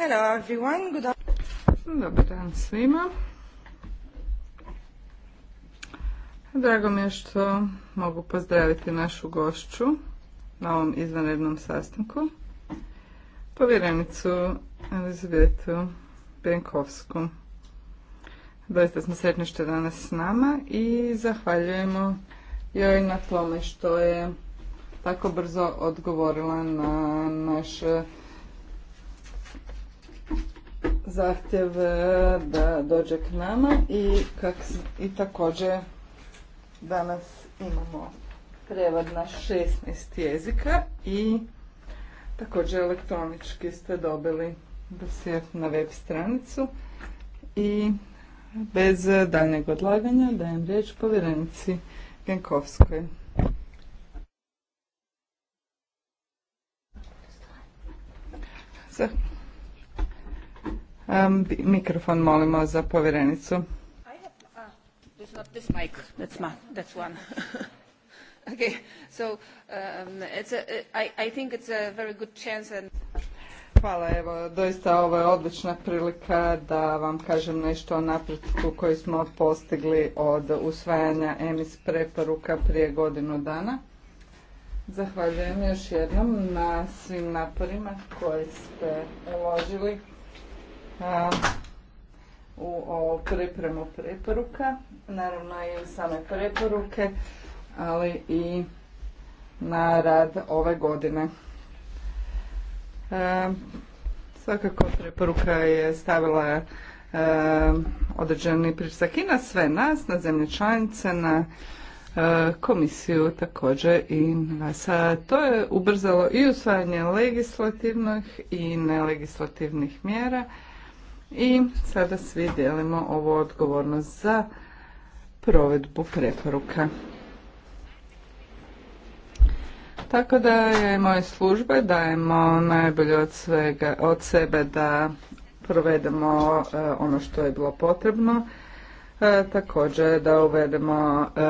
Hello everyone, Dobar dan svima. Drago mi je što mogu pozdraviti našu gošću na ovom izvanrednom sastanku, povjerenicu Elizabetu Benkovsku. Doista smo sretni što je danas s nama i zahvaljujemo joj na tome što je tako brzo odgovorila na naše zahtjev e, da dođe k nama i, kak, i također danas imamo prevod na 16 jezika i također elektronički ste dobili dosjet na web stranicu i bez daljnjeg odlaganja dajem riječ povjerenici Genkovskoj. Zahvaljujem. Mikrofon molimo za povjerenicu. Hvala, evo, doista ovo je odlična prilika da vam kažem nešto o napretku koji smo postigli od usvajanja EMIS preporuka prije godinu dana. Zahvaljujem još jednom na svim naporima koje ste uložili u pripremu preporuka, naravno i same preporuke, ali i na rad ove godine. E, svakako preporuka je stavila e, određeni pritisak i na sve nas, na zemlje članice, na e, komisiju također i nas. A to je ubrzalo i usvajanje legislativnih i nelegislativnih mjera i sada svi dijelimo ovu odgovornost za provedbu preporuka. Tako da je moje službe dajemo najbolje od, svega, od sebe da provedemo e, ono što je bilo potrebno. E, također da uvedemo e,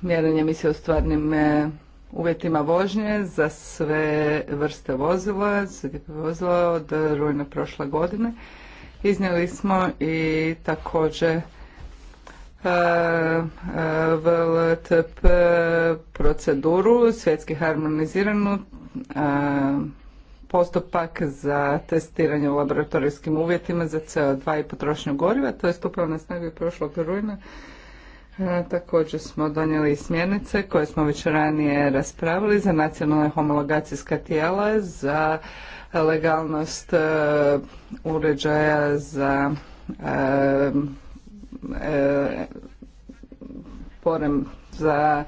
mjerenje emisije u stvarnim e, uvjetima vožnje za sve vrste vozila, sve vozila od rujna prošle godine Iznijeli smo i također e, e, VLTP proceduru, svjetski harmoniziranu e, postupak za testiranje u laboratorijskim uvjetima za CO2 i potrošnju goriva, to je stupilo na snagu prošlog rujna. Također smo donijeli smjernice koje smo već ranije raspravili za nacionalne homologacijska tijela za legalnost eh, uređaja za eh, eh, porem za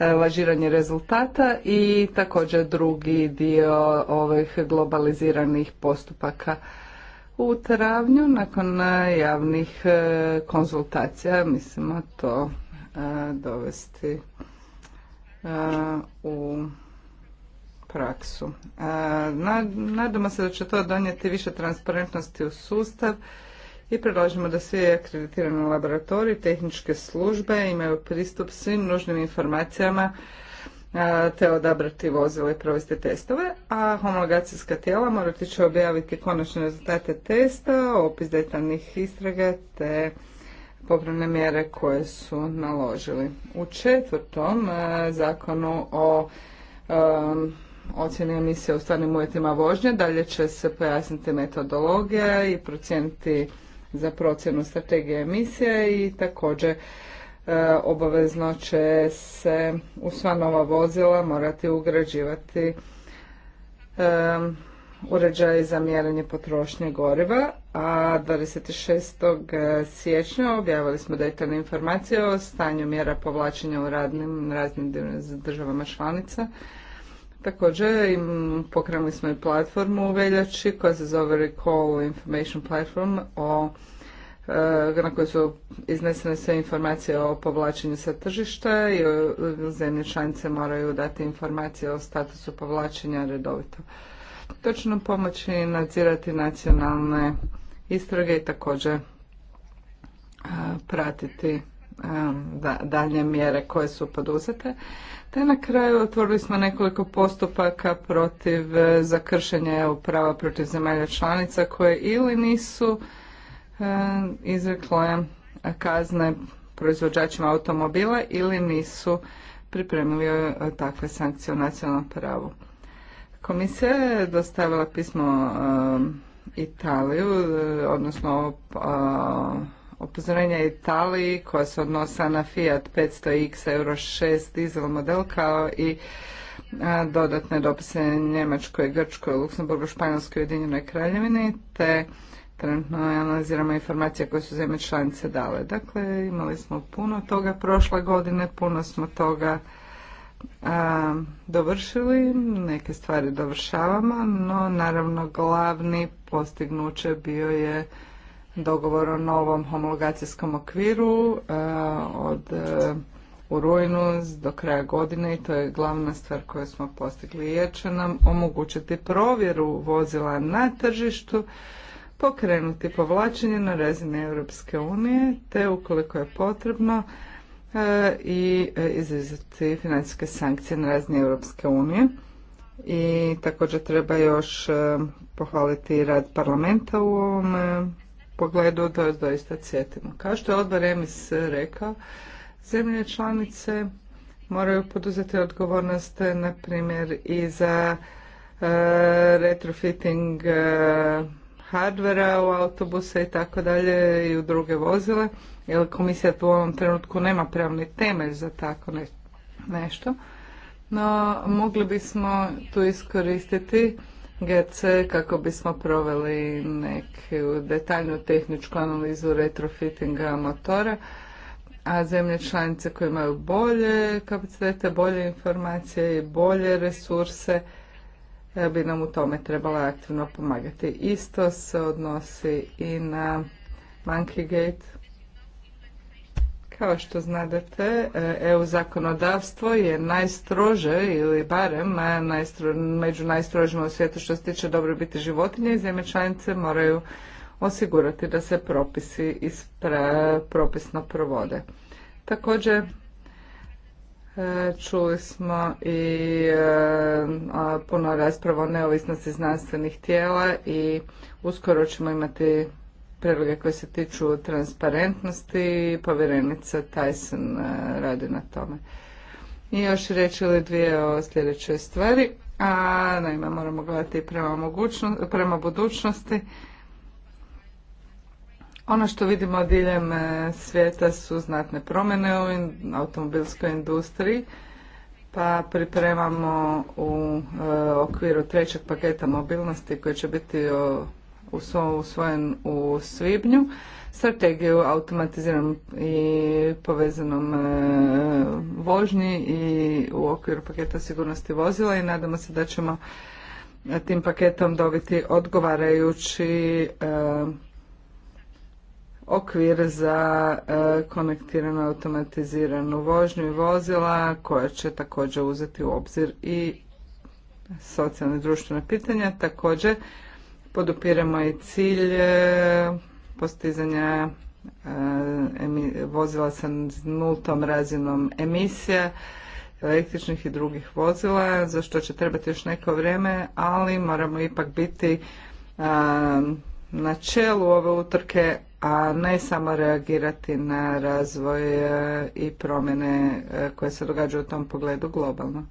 lažiranje rezultata i također drugi dio ovih globaliziranih postupaka u travnju nakon javnih konzultacija mislimo to dovesti u praksu. Nadamo se da će to donijeti više transparentnosti u sustav i predlažemo da svi akreditirani laboratoriji, tehničke službe imaju pristup svim nužnim informacijama te odabrati vozila i provesti testove, a homologacijska tijela morati će objaviti konačne rezultate testa, opis detaljnih istrage te popravne mjere koje su naložili. U četvrtom zakonu o ocjene emisije u stvarnim uvjetima vožnje. Dalje će se pojasniti metodologija i procijeniti za procjenu strategije emisije i također e, obavezno će se u sva nova vozila morati ugrađivati e, uređaj za mjerenje potrošnje goriva, a 26. siječnja objavili smo detaljne informacije o stanju mjera povlačenja u radnim raznim državama članica Također im pokrenuli smo i platformu u veljači koja se zove Recall Information Platform o e, na kojoj su iznesene sve informacije o povlačenju sa tržišta i zemlje članice moraju dati informacije o statusu povlačenja redovito. Točno pomoći nadzirati nacionalne istrage i također e, pratiti e, dalje mjere koje su poduzete. Te na kraju otvorili smo nekoliko postupaka protiv e, zakršenja EU prava protiv zemalja članica koje ili nisu e, izrekle e, kazne proizvođačima automobila ili nisu pripremili takve sankcije u nacionalnom pravu. Komisija je dostavila pismo Italiju, odnosno upozorenja Italiji koja se odnosa na Fiat 500X Euro 6 dizel model kao i dodatne dopise Njemačkoj, Grčkoj, Luksemburgu, Španjolskoj i Ujedinjenoj Kraljevini te trenutno analiziramo informacije koje su zemlje članice dale. Dakle, imali smo puno toga prošle godine, puno smo toga a, dovršili, neke stvari dovršavamo, no naravno glavni postignuće bio je dogovor o novom homologacijskom okviru e, od e, u rujnu do kraja godine i to je glavna stvar koju smo postigli jer će nam omogućiti provjeru vozila na tržištu, pokrenuti povlačenje na razini Europske unije te ukoliko je potrebno e, i izrezati financijske sankcije na razini Europske unije. I također treba još pohvaliti rad parlamenta u ovom pogledu da doista cijetimo. Kao što je odbor EMIS rekao, zemlje članice moraju poduzeti odgovornost, na primjer, i za e, retrofitting e, hardvera u autobuse i tako dalje i u druge vozile, jer komisija u ovom trenutku nema pravni temelj za tako ne, nešto. No, mogli bismo tu iskoristiti GC kako bismo proveli neku detaljnu tehničku analizu retrofittinga motora, a zemlje članice koje imaju bolje kapacitete, bolje informacije i bolje resurse e, bi nam u tome trebala aktivno pomagati. Isto se odnosi i na Monkey Gate kao što znate, e, EU zakonodavstvo je najstrože ili barem e, među najstrožima u svijetu što se tiče dobrobiti životinja i zemlje članice moraju osigurati da se propisi ispra, propisno provode. Također, e, čuli smo i puno rasprava o neovisnosti znanstvenih tijela i uskoro ćemo imati prijedloge koje se tiču transparentnosti. Povjerenica Tyson eh, radi na tome. I još reći dvije o sljedećoj stvari. A naime, moramo gledati prema, prema budućnosti. Ono što vidimo diljem eh, svijeta su znatne promjene u automobilskoj industriji, pa pripremamo u eh, okviru trećeg paketa mobilnosti koji će biti usvojen u svibnju, strategiju automatiziranom i povezanom e, vožnji i u okviru paketa sigurnosti vozila i nadamo se da ćemo e, tim paketom dobiti odgovarajući e, okvir za konektiranu automatiziranu vožnju i vozila koja će također uzeti u obzir i socijalne društvene pitanja. Također Podupiramo i cilj e, postizanja e, vozila sa nultom razinom emisija električnih i drugih vozila, za što će trebati još neko vrijeme, ali moramo ipak biti e, na čelu ove utrke, a ne samo reagirati na razvoj i promjene koje se događaju u tom pogledu globalno.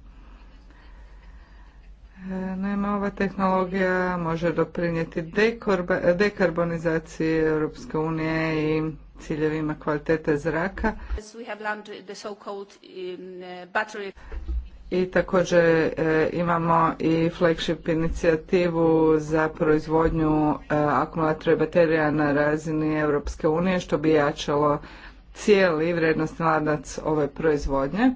E, naime, ova tehnologija može doprinijeti dekarbonizaciji Europske unije i ciljevima kvalitete zraka. Um, uh, I također e, imamo i flagship inicijativu za proizvodnju e, akumulatora i baterija na razini Europske unije, što bi jačalo cijeli vrednostni lanac ove proizvodnje.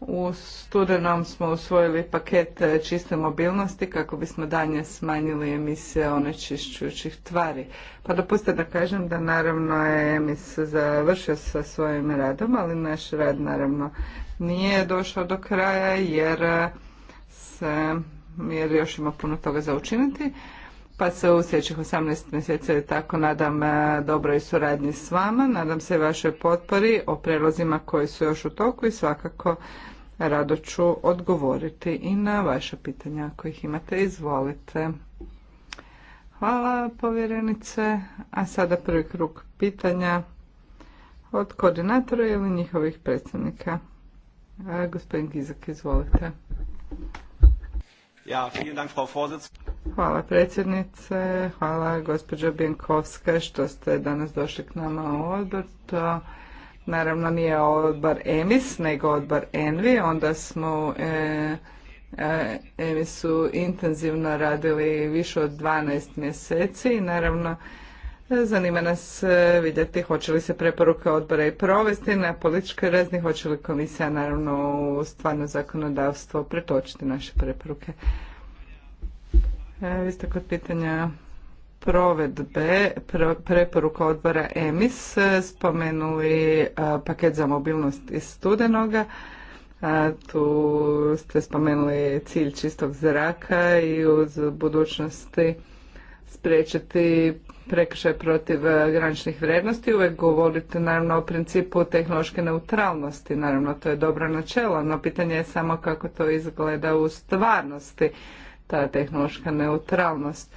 U studenom smo usvojili paket e, čiste mobilnosti kako bismo danje smanjili emisije onečišćujućih tvari. Pa dopustite da kažem da naravno je EMIS završio sa svojim radom, ali naš rad naravno nije došao do kraja jer e, se jer još ima puno toga za učiniti pa se u sljedećih 18 mjeseci tako nadam e, dobroj suradnji s vama, nadam se vašoj potpori o prelozima koji su još u toku i svakako rado ću odgovoriti i na vaše pitanja ako ih imate, izvolite. Hvala povjerenice, a sada prvi krug pitanja od koordinatora ili njihovih predstavnika. E, gospodin Gizak, izvolite. Hvala predsjednice, hvala gospođo Bjenkovska što ste danas došli k nama u odbor. To naravno nije odbor EMIS, nego odbor ENVI. Onda smo e, e EMIS-u intenzivno radili više od 12 mjeseci i naravno Zanima nas e, vidjeti hoće li se preporuke odbora i provesti na političkoj razni, hoće li komisija naravno u stvarno zakonodavstvo pretočiti naše preporuke. E, vi ste kod pitanja provedbe preporuka odbora EMIS e, spomenuli paket za mobilnost iz studenoga. Tu ste spomenuli cilj čistog zraka i uz budućnosti spriječiti prekršaj protiv e, graničnih vrijednosti, uvijek govorite naravno o principu tehnološke neutralnosti, naravno to je dobro načelo, no pitanje je samo kako to izgleda u stvarnosti, ta tehnološka neutralnost.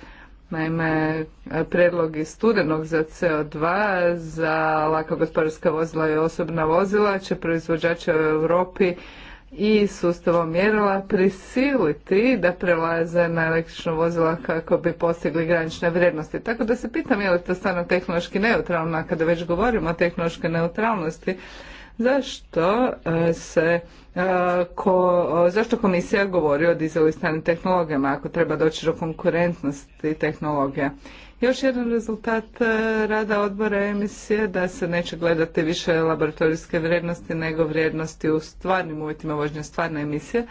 Naime, predlog iz studenog za CO2 za lako gospodarska vozila i osobna vozila će proizvođači u Europi i sustavom mjerila prisiliti da prelaze na električno vozila kako bi postigli granične vrijednosti. Tako da se pitam je li to stvarno tehnološki neutralno, a kada već govorimo o tehnološkoj neutralnosti, zašto e, se e, ko, zašto komisija govori o dizelistanim tehnologijama ako treba doći do konkurentnosti tehnologija? Još jedan rezultat e, rada odbora emisije da se neće gledati više laboratorijske vrijednosti nego vrijednosti u stvarnim uvjetima vožnje stvarne emisije.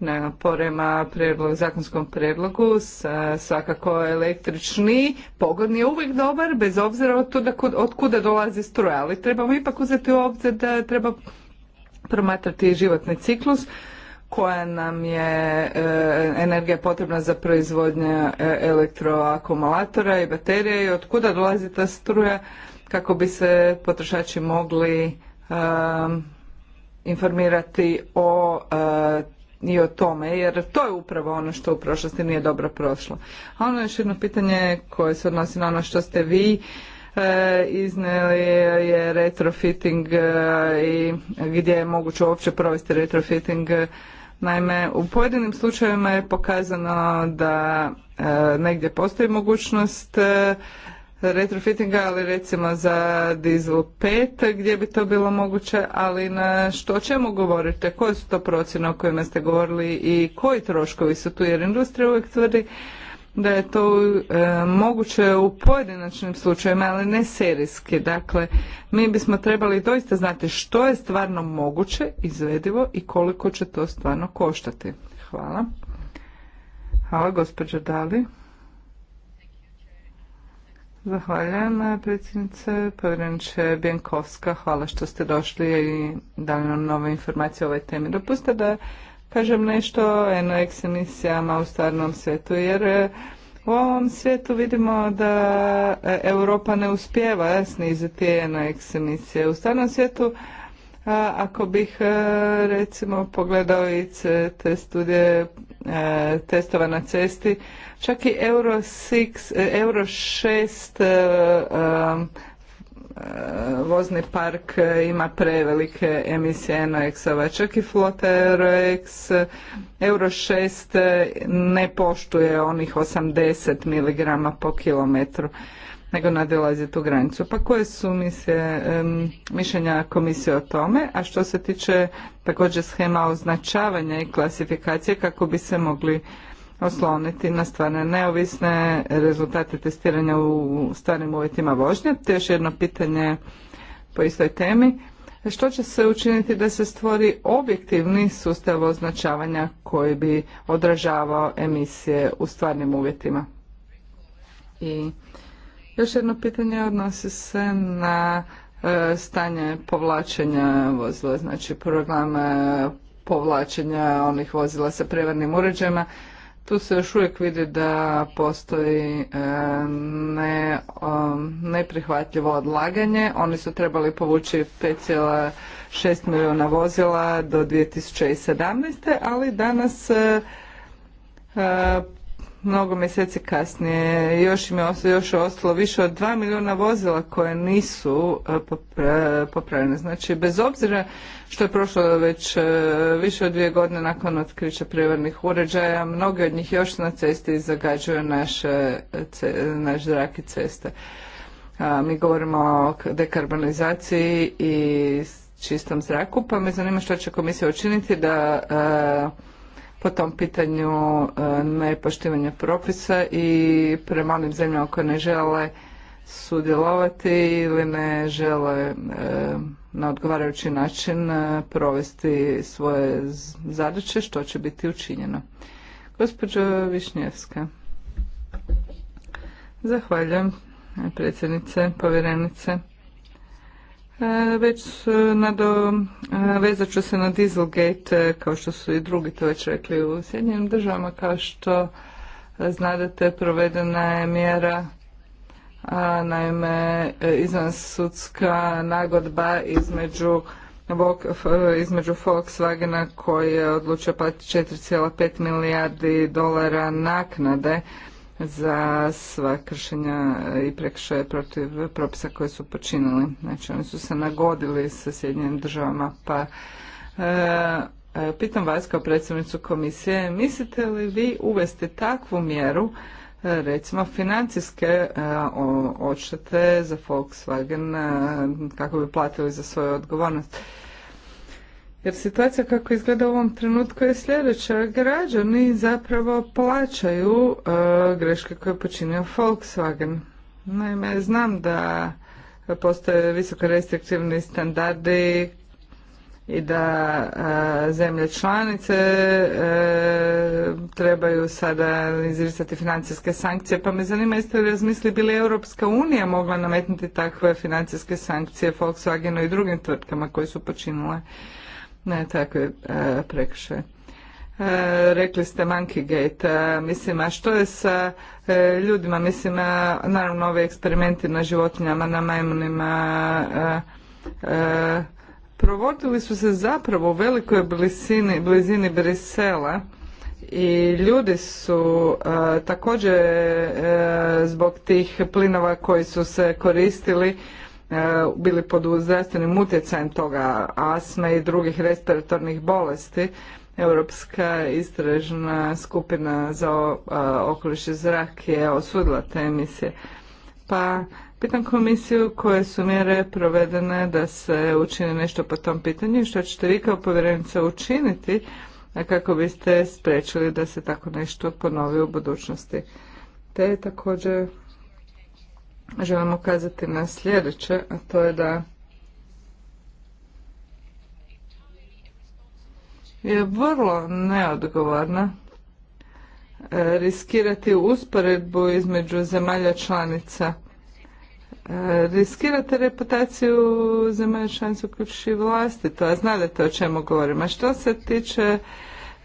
Na, porema predlog, zakonskom predlogu e, svakako električni pogon je uvijek dobar bez obzira od, od kuda dolazi struja ali trebamo ipak uzeti u obzir da treba promatrati životni ciklus koja nam je e, energija potrebna za proizvodnje elektroakumulatora i baterije i kuda dolazi ta struja kako bi se potrošači mogli e, informirati o e, i o tome, jer to je upravo ono što u prošlosti nije dobro prošlo. A ono je još jedno pitanje koje se odnosi na ono što ste vi izneli iznijeli je retrofitting i gdje je moguće uopće provesti retrofitting Naime, u pojedinim slučajevima je pokazano da e, negdje postoji mogućnost e, retrofittinga, ali recimo za Diesel pet gdje bi to bilo moguće, ali na što čemu govorite, koje su to procjene o kojima ste govorili i koji troškovi su tu, jer industrija uvijek tvrdi da je to e, moguće u pojedinačnim slučajevima, ali ne serijski. Dakle, mi bismo trebali doista znati što je stvarno moguće, izvedivo i koliko će to stvarno koštati. Hvala. Hvala, gospođo Dali. Zahvaljujem, predsjednice. Povjereniče Bjenkovska, hvala što ste došli i dali nam nove informacije o ovoj temi. Dopustite da kažem nešto eno eksemisijama u stvarnom svijetu, jer e, u ovom svijetu vidimo da e, Europa ne uspjeva sniziti eno U stvarnom svijetu e, ako bih recimo pogledao i te studije testova na cesti, čak i Euro 6, Euro 6 vozni park e, ima prevelike emisije nox Čak i flota Eurox Euro 6 ne poštuje onih 80 mg po kilometru nego nadilazi tu granicu. Pa koje su mišljenja komisije o tome? A što se tiče također schema označavanja i klasifikacije kako bi se mogli osloniti na stvarne neovisne rezultate testiranja u stvarnim uvjetima vožnje. Te još jedno pitanje po istoj temi. Što će se učiniti da se stvori objektivni sustav označavanja koji bi odražavao emisije u stvarnim uvjetima? I još jedno pitanje odnosi se na e, stanje povlačenja vozila, znači program e, povlačenja onih vozila sa prevarnim uređajima. Tu se još uvijek vidi da postoji e, ne, neprihvatljivo odlaganje. Oni su trebali povući 5,6 milijuna vozila do 2017. ali danas e, e, mnogo mjeseci kasnije još im je ostalo više od 2 milijuna vozila koje nisu e, e, popravljene. Znači, bez obzira što je prošlo već e, više od dvije godine nakon otkrića privrednih uređaja, mnogi od njih još na cesti i zagađuju naše, naš zrak i ceste. mi govorimo o dekarbonizaciji i čistom zraku, pa me zanima što će komisija učiniti da po tom pitanju e, nepoštivanja propisa i prema onim zemljama koje ne žele sudjelovati ili ne žele e, na odgovarajući način e, provesti svoje zadaće, što će biti učinjeno. Gospođo Višnjevska. Zahvaljujem predsjednice, povjerenice. E, već e, nado, e, vezat ću se na Dieselgate, kao što su i drugi to već rekli u Sjedinjenim državama, kao što znadete provedena je mjera a, naime izvansudska nagodba između između Volkswagena koji je odlučio platiti 4,5 milijardi dolara naknade za sva kršenja i prekršaje protiv propisa koje su počinili. Znači oni su se nagodili sa Sjedinjenim državama pa e, e pitam vas kao predsjednicu komisije, mislite li vi uvesti takvu mjeru e, recimo financijske e, odštete za Volkswagen kako bi platili za svoju odgovornost? Jer situacija kako izgleda u ovom trenutku je sljedeća. Građani zapravo plaćaju e, greške koje je počinio Volkswagen. Naime, znam da postoje visoko restriktivni standardi i da e, zemlje članice e, trebaju sada izricati financijske sankcije. Pa me zanima jeste li razmisli bi li Europska unija mogla nametnuti takve financijske sankcije Volkswagenu i drugim tvrtkama koje su počinile ne, takve prekše. E, rekli ste Monkey Gate, a, e, mislim, a što je sa e, ljudima, mislim, e, naravno ovi eksperimenti na životinjama, na majmunima, provodili su se zapravo u velikoj blizini Brisela i ljudi su također zbog tih plinova koji su se koristili E, bili pod zdravstvenim utjecajem toga asme i drugih respiratornih bolesti. Europska istražna skupina za e, okoliš i zrak je osudila te emisije. Pa pitam komisiju koje su mjere provedene da se učini nešto po tom pitanju i što ćete vi kao povjerenica učiniti kako biste spriječili da se tako nešto ponovi u budućnosti. Te također želim ukazati na sljedeće, a to je da je vrlo neodgovorna e, riskirati usporedbu između zemalja članica. E, riskirate reputaciju zemalja članica uključujući vlasti, to a znate o čemu govorim. A što se tiče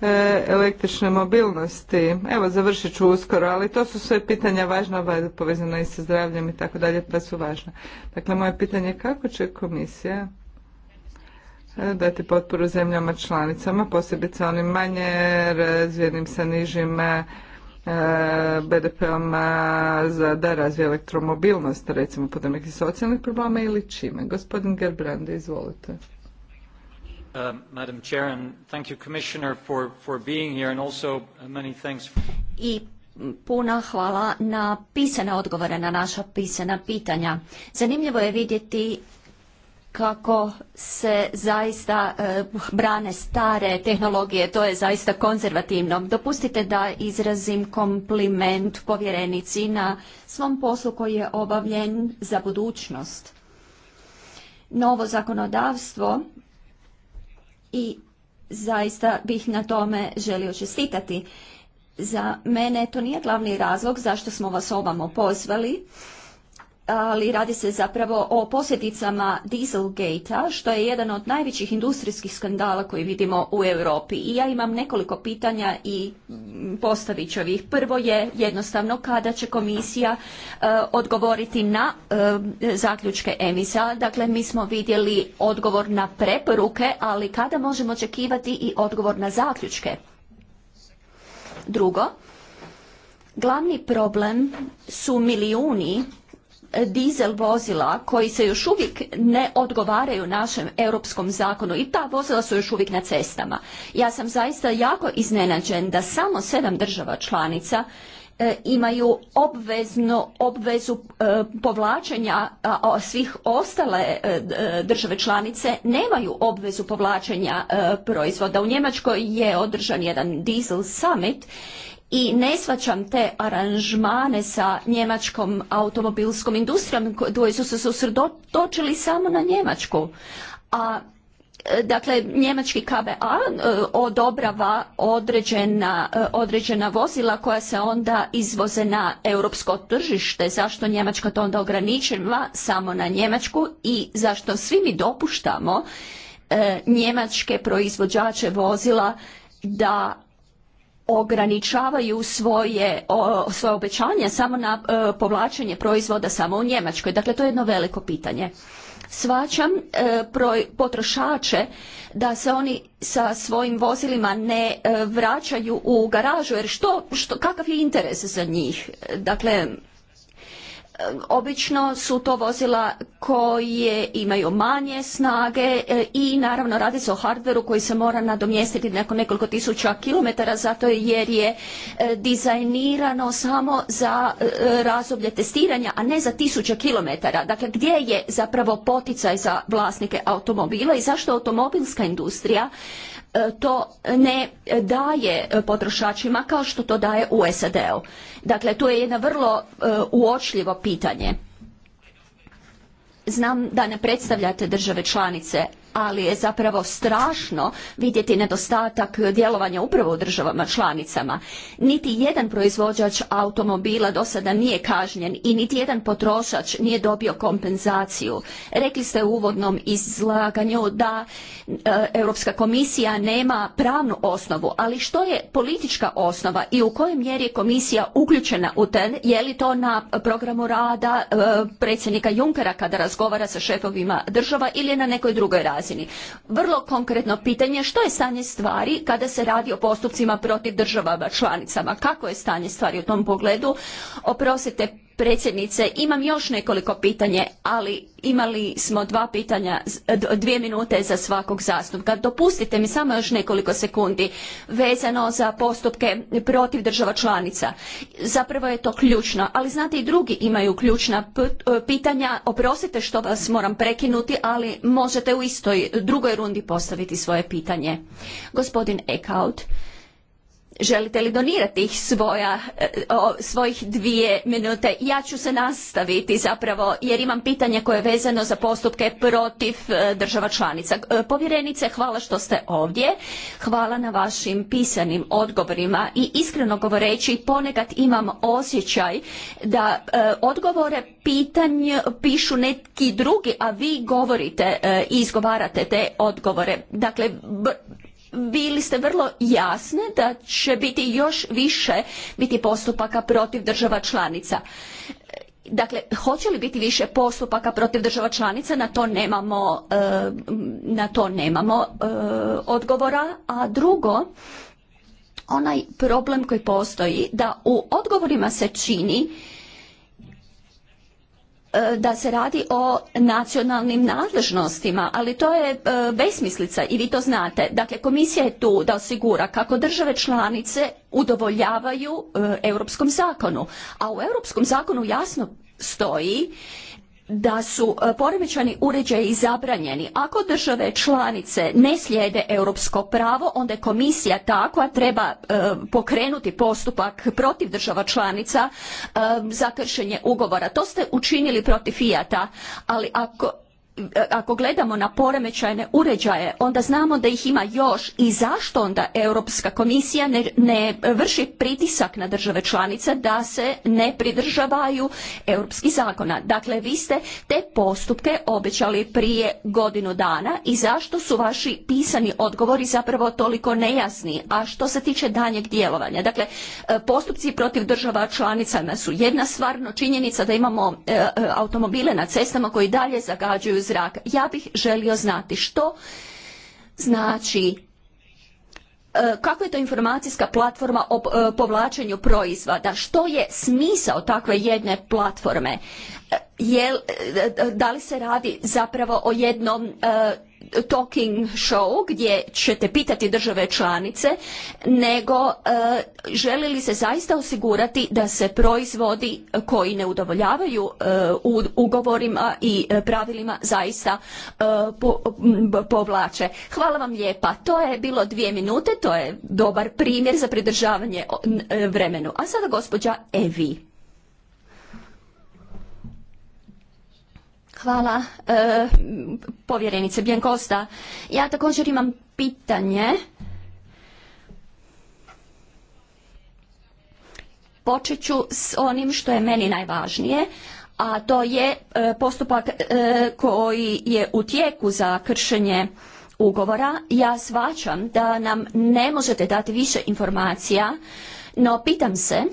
E, električne mobilnosti. Evo, završit ću uskoro, ali to su sve pitanja važna, povezana i sa zdravljem i tako dalje, pa su važna. Dakle, moje pitanje je kako će komisija e, dati potporu zemljama članicama, posebice onim manje razvijenim sa nižim e, BDP-om za da razvije elektromobilnost, recimo, putem nekih socijalnih problema ili čime. Gospodin Gerbrande, izvolite. Um, Madam Chair, and thank you, Commissioner, uh, for, I puna hvala na pisane odgovore na naša pisana pitanja. Zanimljivo je vidjeti kako se zaista uh, brane stare tehnologije, to je zaista konzervativno. Dopustite da izrazim kompliment povjerenici na svom poslu koji je obavljen za budućnost. Novo zakonodavstvo i zaista bih na tome želio čestitati. Za mene to nije glavni razlog zašto smo vas ovamo pozvali ali radi se zapravo o posljedicama Dieselgate-a, što je jedan od najvećih industrijskih skandala koji vidimo u Europi. I ja imam nekoliko pitanja i mm, postavit ću ih. Prvo je jednostavno kada će komisija e, odgovoriti na e, zaključke emisa. Dakle, mi smo vidjeli odgovor na preporuke, ali kada možemo očekivati i odgovor na zaključke? Drugo, glavni problem su milijuni dizel vozila koji se još uvijek ne odgovaraju našem europskom zakonu i ta vozila su još uvijek na cestama. Ja sam zaista jako iznenađen da samo sedam država članica e, imaju obveznu obvezu e, povlačenja, a svih ostale e, države članice nemaju obvezu povlačenja proizvoda. U Njemačkoj je održan jedan diesel summit i ne svačam te aranžmane sa njemačkom automobilskom industrijom koji su se susredotočili samo na Njemačku. A e, Dakle, njemački KBA e, odobrava određena, e, određena vozila koja se onda izvoze na europsko tržište. Zašto Njemačka to onda ograničava samo na Njemačku i zašto svi mi dopuštamo njemačke proizvođače vozila da ograničavaju svoje, o, svoje obećanja samo na e, povlačenje proizvoda samo u Njemačkoj. Dakle, to je jedno veliko pitanje. Svaćam e, potrošače da se oni sa svojim vozilima ne e, vraćaju u garažu, jer što, što, kakav je interes za njih? Dakle, obično su to vozila koje imaju manje snage e, i naravno radi se o hardveru koji se mora nadomjestiti nakon nekoliko tisuća kilometara zato jer je e, dizajnirano samo za e, razdoblje testiranja, a ne za tisuće kilometara. Dakle, gdje je zapravo poticaj za vlasnike automobila i zašto automobilska industrija to ne daje potrošačima kao što to daje u SAD-u. Dakle, to je jedno vrlo e, uočljivo pitanje. Znam da ne predstavljate države članice, ali je zapravo strašno vidjeti nedostatak djelovanja upravo u državama članicama. Niti jedan proizvođač automobila do sada nije kažnjen i niti jedan potrošač nije dobio kompenzaciju. Rekli ste u uvodnom izlaganju da e, Europska komisija nema pravnu osnovu, ali što je politička osnova i u kojoj mjeri je komisija uključena u ten, je li to na programu rada e, predsjednika Junckera kada razgovara sa šefovima država ili je na nekoj drugoj razini? razini. Vrlo konkretno pitanje što je stanje stvari kada se radi o postupcima protiv državama članicama? Kako je stanje stvari u tom pogledu? Oprostite, predsjednice, imam još nekoliko pitanja, ali imali smo dva pitanja, e, dvije minute za svakog zastupnika. Dopustite mi samo još nekoliko sekundi vezano za postupke protiv država članica. Zapravo je to ključno, ali znate i drugi imaju ključna e, pitanja. Oprostite što vas moram prekinuti, ali možete u istoj drugoj rundi postaviti svoje pitanje. Gospodin Ekaut želite li donirati svoja, e, svojih dvije minute? Ja ću se nastaviti zapravo jer imam pitanje koje je vezano za postupke protiv e, država članica. E, povjerenice, hvala što ste ovdje, hvala na vašim pisanim odgovorima i iskreno govoreći ponekad imam osjećaj da odgovore pitanja pišu neki drugi, a vi govorite i izgovarate te odgovore. Dakle, bili ste vrlo jasni da će biti još više biti postupaka protiv država članica. Dakle, hoće li biti više postupaka protiv država članica, na to nemamo, e, na to nemamo e, odgovora. A drugo, onaj problem koji postoji da u odgovorima se čini E, da se radi o nacionalnim nadležnostima, ali to je e, besmislica i vi to znate. Dakle, komisija je tu da osigura kako države članice udovoljavaju e, europskom zakonu, a u europskom zakonu jasno stoji da su e, poremećani uređaji zabranjeni. Ako države članice ne slijede europsko pravo, onda je komisija ta koja treba e, pokrenuti postupak protiv država članica e, za kršenje ugovora. To ste učinili protiv Fijata, ali ako ako gledamo na poremećajne uređaje, onda znamo da ih ima još i zašto onda Europska komisija ne, vrši pritisak na države članice da se ne pridržavaju europskih zakona. Dakle, vi ste te postupke obećali prije godinu dana i zašto su vaši pisani odgovori zapravo toliko nejasni? A što se tiče danjeg djelovanja? Dakle, e, postupci protiv država članica su jedna stvarno činjenica da imamo e, e, automobile na cestama koji dalje zagađuju zraka. Ja bih želio znati što znači e, kakva je to informacijska platforma o e, povlačenju proizvoda, što je smisao takve jedne platforme, e, da li se radi zapravo o jednom talking show gdje ćete pitati države članice, nego e, želi li se zaista osigurati da se proizvodi koji ne udovoljavaju e, u ugovorima i e, pravilima zaista e, povlače. Hvala vam lijepa. To je bilo dvije minute, to je dobar primjer za pridržavanje vremenu. A sada gospođa Evi. Hvala e, povjerenice Bjenkosta. Ja također imam pitanje. Počet ću s onim što je meni najvažnije, a to je e, postupak e, koji je u tijeku za kršenje ugovora. Ja svačam da nam ne možete dati više informacija, no pitam se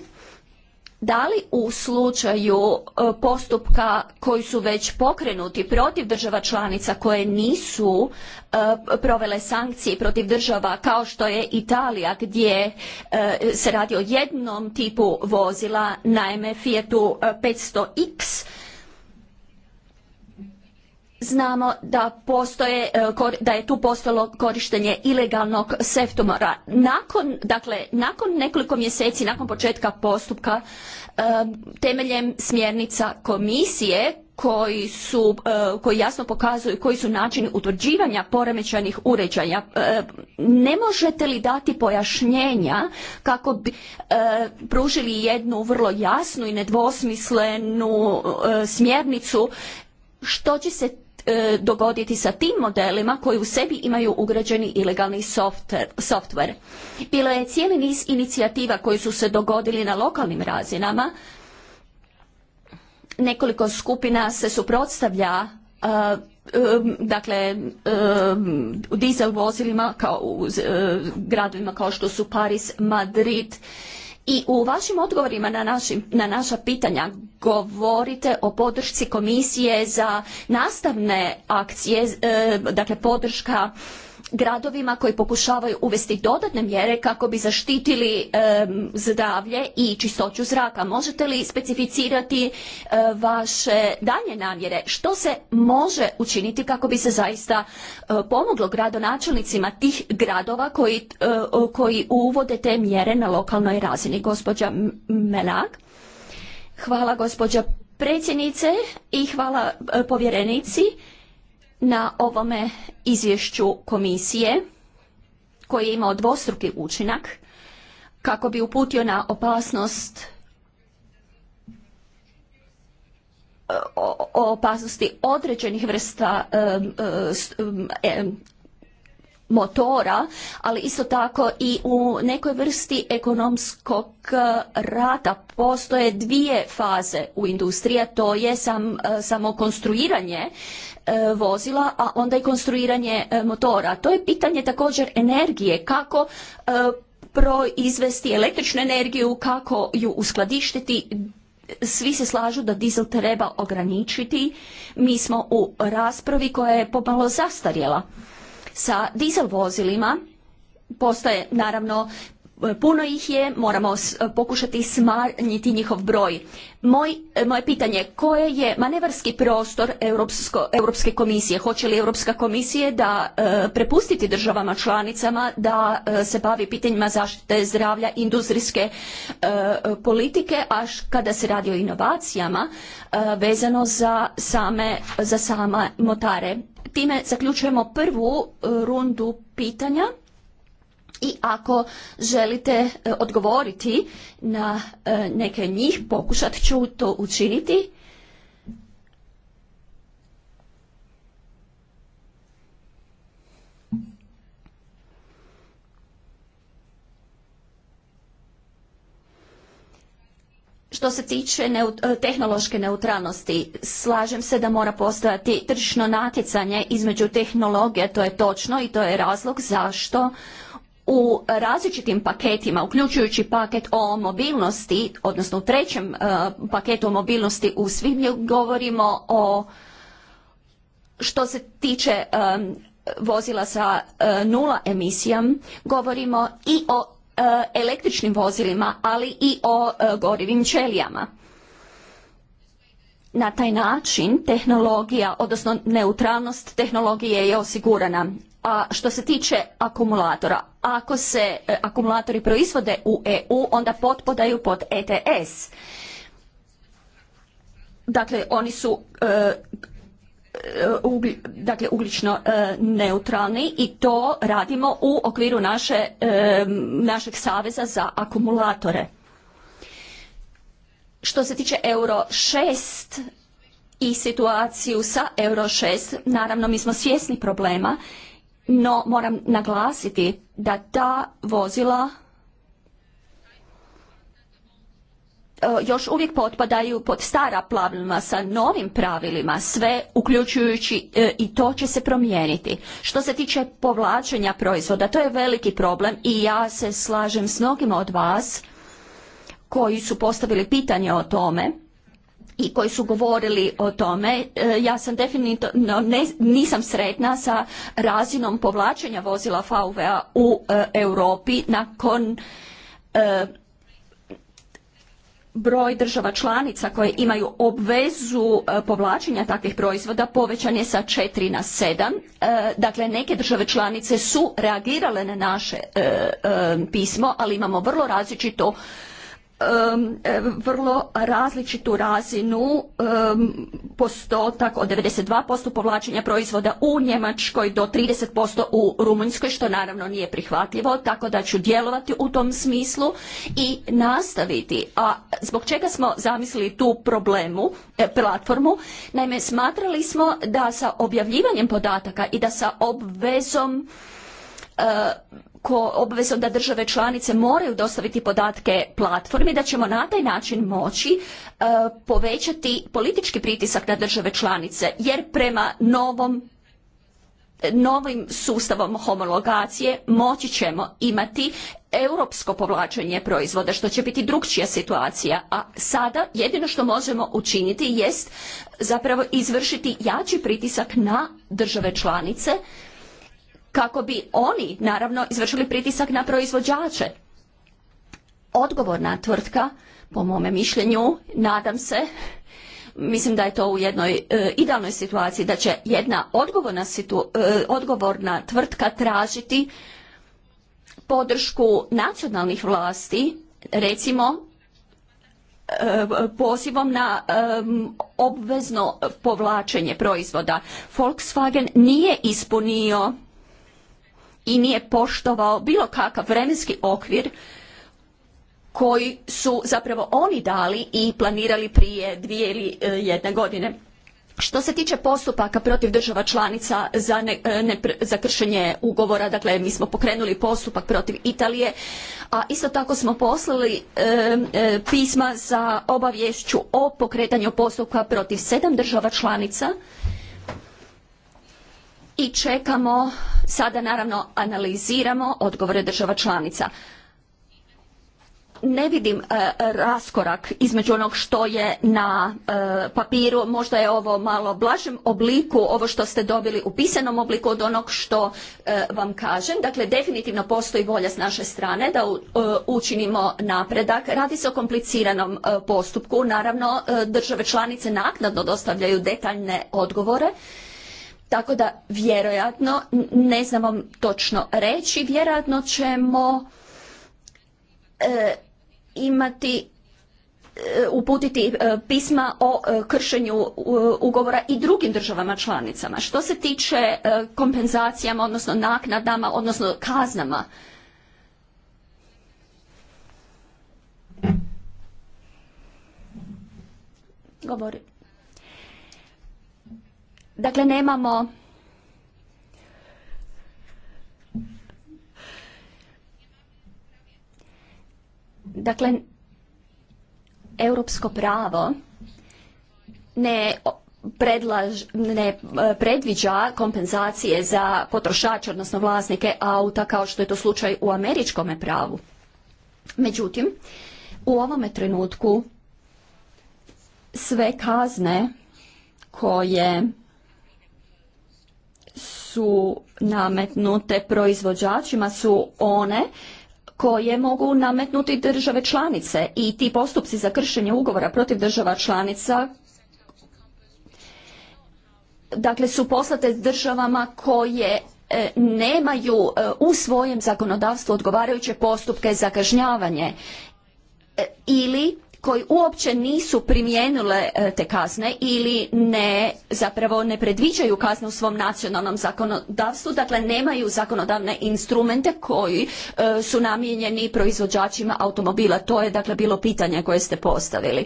da li u slučaju e, postupka koji su već pokrenuti protiv država članica koje nisu e, provele sankcije protiv država kao što je Italija gdje e, se radi o jednom tipu vozila, naime Fiatu 500X, znamo da postoje, e, da je tu postojalo korištenje ilegalnog seftomora. Nakon, dakle, nakon nekoliko mjeseci, nakon početka postupka, e, temeljem smjernica komisije koji su, e, koji jasno pokazuju koji su načini utvrđivanja poremećajnih uređaja. Ne možete li dati pojašnjenja kako bi pružili jednu vrlo jasnu i nedvosmislenu smjernicu što će se E, dogoditi sa tim modelima koji u sebi imaju ugrađeni ilegalni softver, Bilo je cijeli niz inicijativa koji su se dogodili na lokalnim razinama. Nekoliko skupina se suprotstavlja e, e, dakle dizel vozilima u gradovima kao što su Paris, Madrid i u vašim odgovorima na, naša pitanja govorite o podršci komisije za nastavne akcije, e, dakle podrška gradovima koji pokušavaju uvesti dodatne mjere kako bi zaštitili zdravlje i čistoću zraka. Možete li specificirati e, vaše dalje namjere? Što se može učiniti kako bi se zaista e, pomoglo gradonačelnicima tih gradova koji, e, koji uvode te mjere na lokalnoj razini? Gospođa Melak. Hvala gospođa predsjednice i hvala povjerenici na ovome izvješću komisije koji je imao dvostruki učinak kako bi uputio na opasnost o, opasnosti određenih vrsta motora, ali isto tako i u nekoj vrsti ekonomskog rata postoje dvije faze u industriji, to je sam, samo konstruiranje E, vozila, a onda i konstruiranje e, motora. To je pitanje također energije, kako e, proizvesti električnu energiju, kako ju uskladištiti, svi se slažu da dizel treba ograničiti. Mi smo u raspravi koja je pomalo zastarjela. Sa dizel vozilima postoje naravno puno ih je, moramo e, pokušati smanjiti njihov broj. E, moje pitanje koje je manevarski prostor Europske komisije? Hoće li Europska komisija da e, prepustiti državama članicama da se bavi pitanjima zaštite zdravlja industrijske politike, a kada se radi o inovacijama vezano za same, za sama motare? Time zaključujemo prvu rundu pitanja i ako želite e, odgovoriti na e, neke njih, pokušat ću to učiniti. Što se tiče e, tehnološke neutralnosti, slažem se da mora postojati tržišno natjecanje između tehnologija, to je točno i to je razlog zašto u različitim paketima, uključujući paket o mobilnosti, odnosno u trećem e, paketu o mobilnosti u svibnju govorimo o što se tiče e, vozila sa e, nula emisijom, govorimo i o električnim vozilima, ali i o gorivim ćelijama. Na taj način tehnologija, odnosno neutralnost tehnologije je osigurana a što se tiče akumulatora, ako se e, akumulatori proizvode u EU, onda potpodaju pod ETS. Dakle, oni su e, e, dakle ugljično neutralni i to radimo u okviru naše, našeg saveza za akumulatore. Što se tiče Euro 6 i situaciju sa Euro 6, naravno mi smo svjesni problema no moram naglasiti da ta vozila e, još uvijek potpadaju pod stara pravilima sa novim pravilima, sve uključujući e, i to će se promijeniti. Što se tiče povlačenja proizvoda, to je veliki problem i ja se slažem s mnogima od vas koji su postavili pitanje o tome i koji su govorili o tome. E, ja sam definitivno nisam sretna sa razinom povlačenja vozila vv a u e, Europi nakon e, broj država članica koje imaju obvezu povlačenja takvih proizvoda povećan je sa 4 na 7. Dakle, neke države članice su reagirale na naše pismo, ali imamo vrlo različito Um, e, vrlo različitu razinu um, postotak od 92% povlačenja proizvoda u Njemačkoj do 30% u Rumunjskoj što naravno nije prihvatljivo tako da ću djelovati u tom smislu i nastaviti. A zbog čega smo zamislili tu problemu, e, platformu? Naime, smatrali smo da sa objavljivanjem podataka i da sa obvezom E, ko obvezom da države članice moraju dostaviti podatke platformi, da ćemo na taj način moći e, povećati politički pritisak na države članice, jer prema novom novim sustavom homologacije moći ćemo imati europsko povlačenje proizvoda što će biti drukčija situacija a sada jedino što možemo učiniti jest zapravo izvršiti jači pritisak na države članice kako bi oni naravno izvršili pritisak na proizvođače. Odgovorna tvrtka, po mome mišljenju, nadam se, mislim da je to u jednoj e, idealnoj situaciji da će jedna odgovorna, e, odgovorna tvrtka tražiti podršku nacionalnih vlasti recimo e, pozivom na obvezno povlačenje proizvoda. Volkswagen nije ispunio i nije poštovao bilo kakav vremenski okvir koji su zapravo oni dali i planirali prije dvije ili e, jedne godine. Što se tiče postupaka protiv država članica e, za, kršenje ugovora, dakle mi smo pokrenuli postupak protiv Italije, a isto tako smo poslali e, pisma za obavješću o pokretanju postupka protiv sedam država članica i čekamo, sada naravno analiziramo odgovore država članica. Ne vidim e, raskorak između onog što je na e, papiru, možda je ovo malo blažem obliku, ovo što ste dobili u pisanom obliku od onog što e, vam kažem. Dakle, definitivno postoji volja s naše strane da učinimo napredak. Radi se o kompliciranom postupku. Naravno, države članice naknadno dostavljaju detaljne odgovore tako da vjerojatno, ne znam vam točno reći, vjerojatno ćemo e, imati e, uputiti e, pisma o kršenju ugovora i drugim državama članicama. Što se tiče kompenzacijama, odnosno naknadama, odnosno kaznama, govori Dakle, nemamo Dakle, europsko pravo ne ne e, predviđa kompenzacije za potrošače, odnosno vlasnike auta, kao što je to slučaj u američkom pravu. Međutim, u ovome trenutku sve kazne koje su nametnute proizvođačima su one koje mogu nametnuti države članice i ti postupci za kršenje ugovora protiv država članica dakle su poslate državama koje e, nemaju e, u svojem zakonodavstvu odgovarajuće postupke za kažnjavanje e, ili koji uopće nisu primijenile e, te kazne ili ne zapravo ne predviđaju kazne u svom nacionalnom zakonodavstvu, dakle nemaju zakonodavne instrumente koji e, su namijenjeni proizvođačima automobila. To je dakle bilo pitanje koje ste postavili.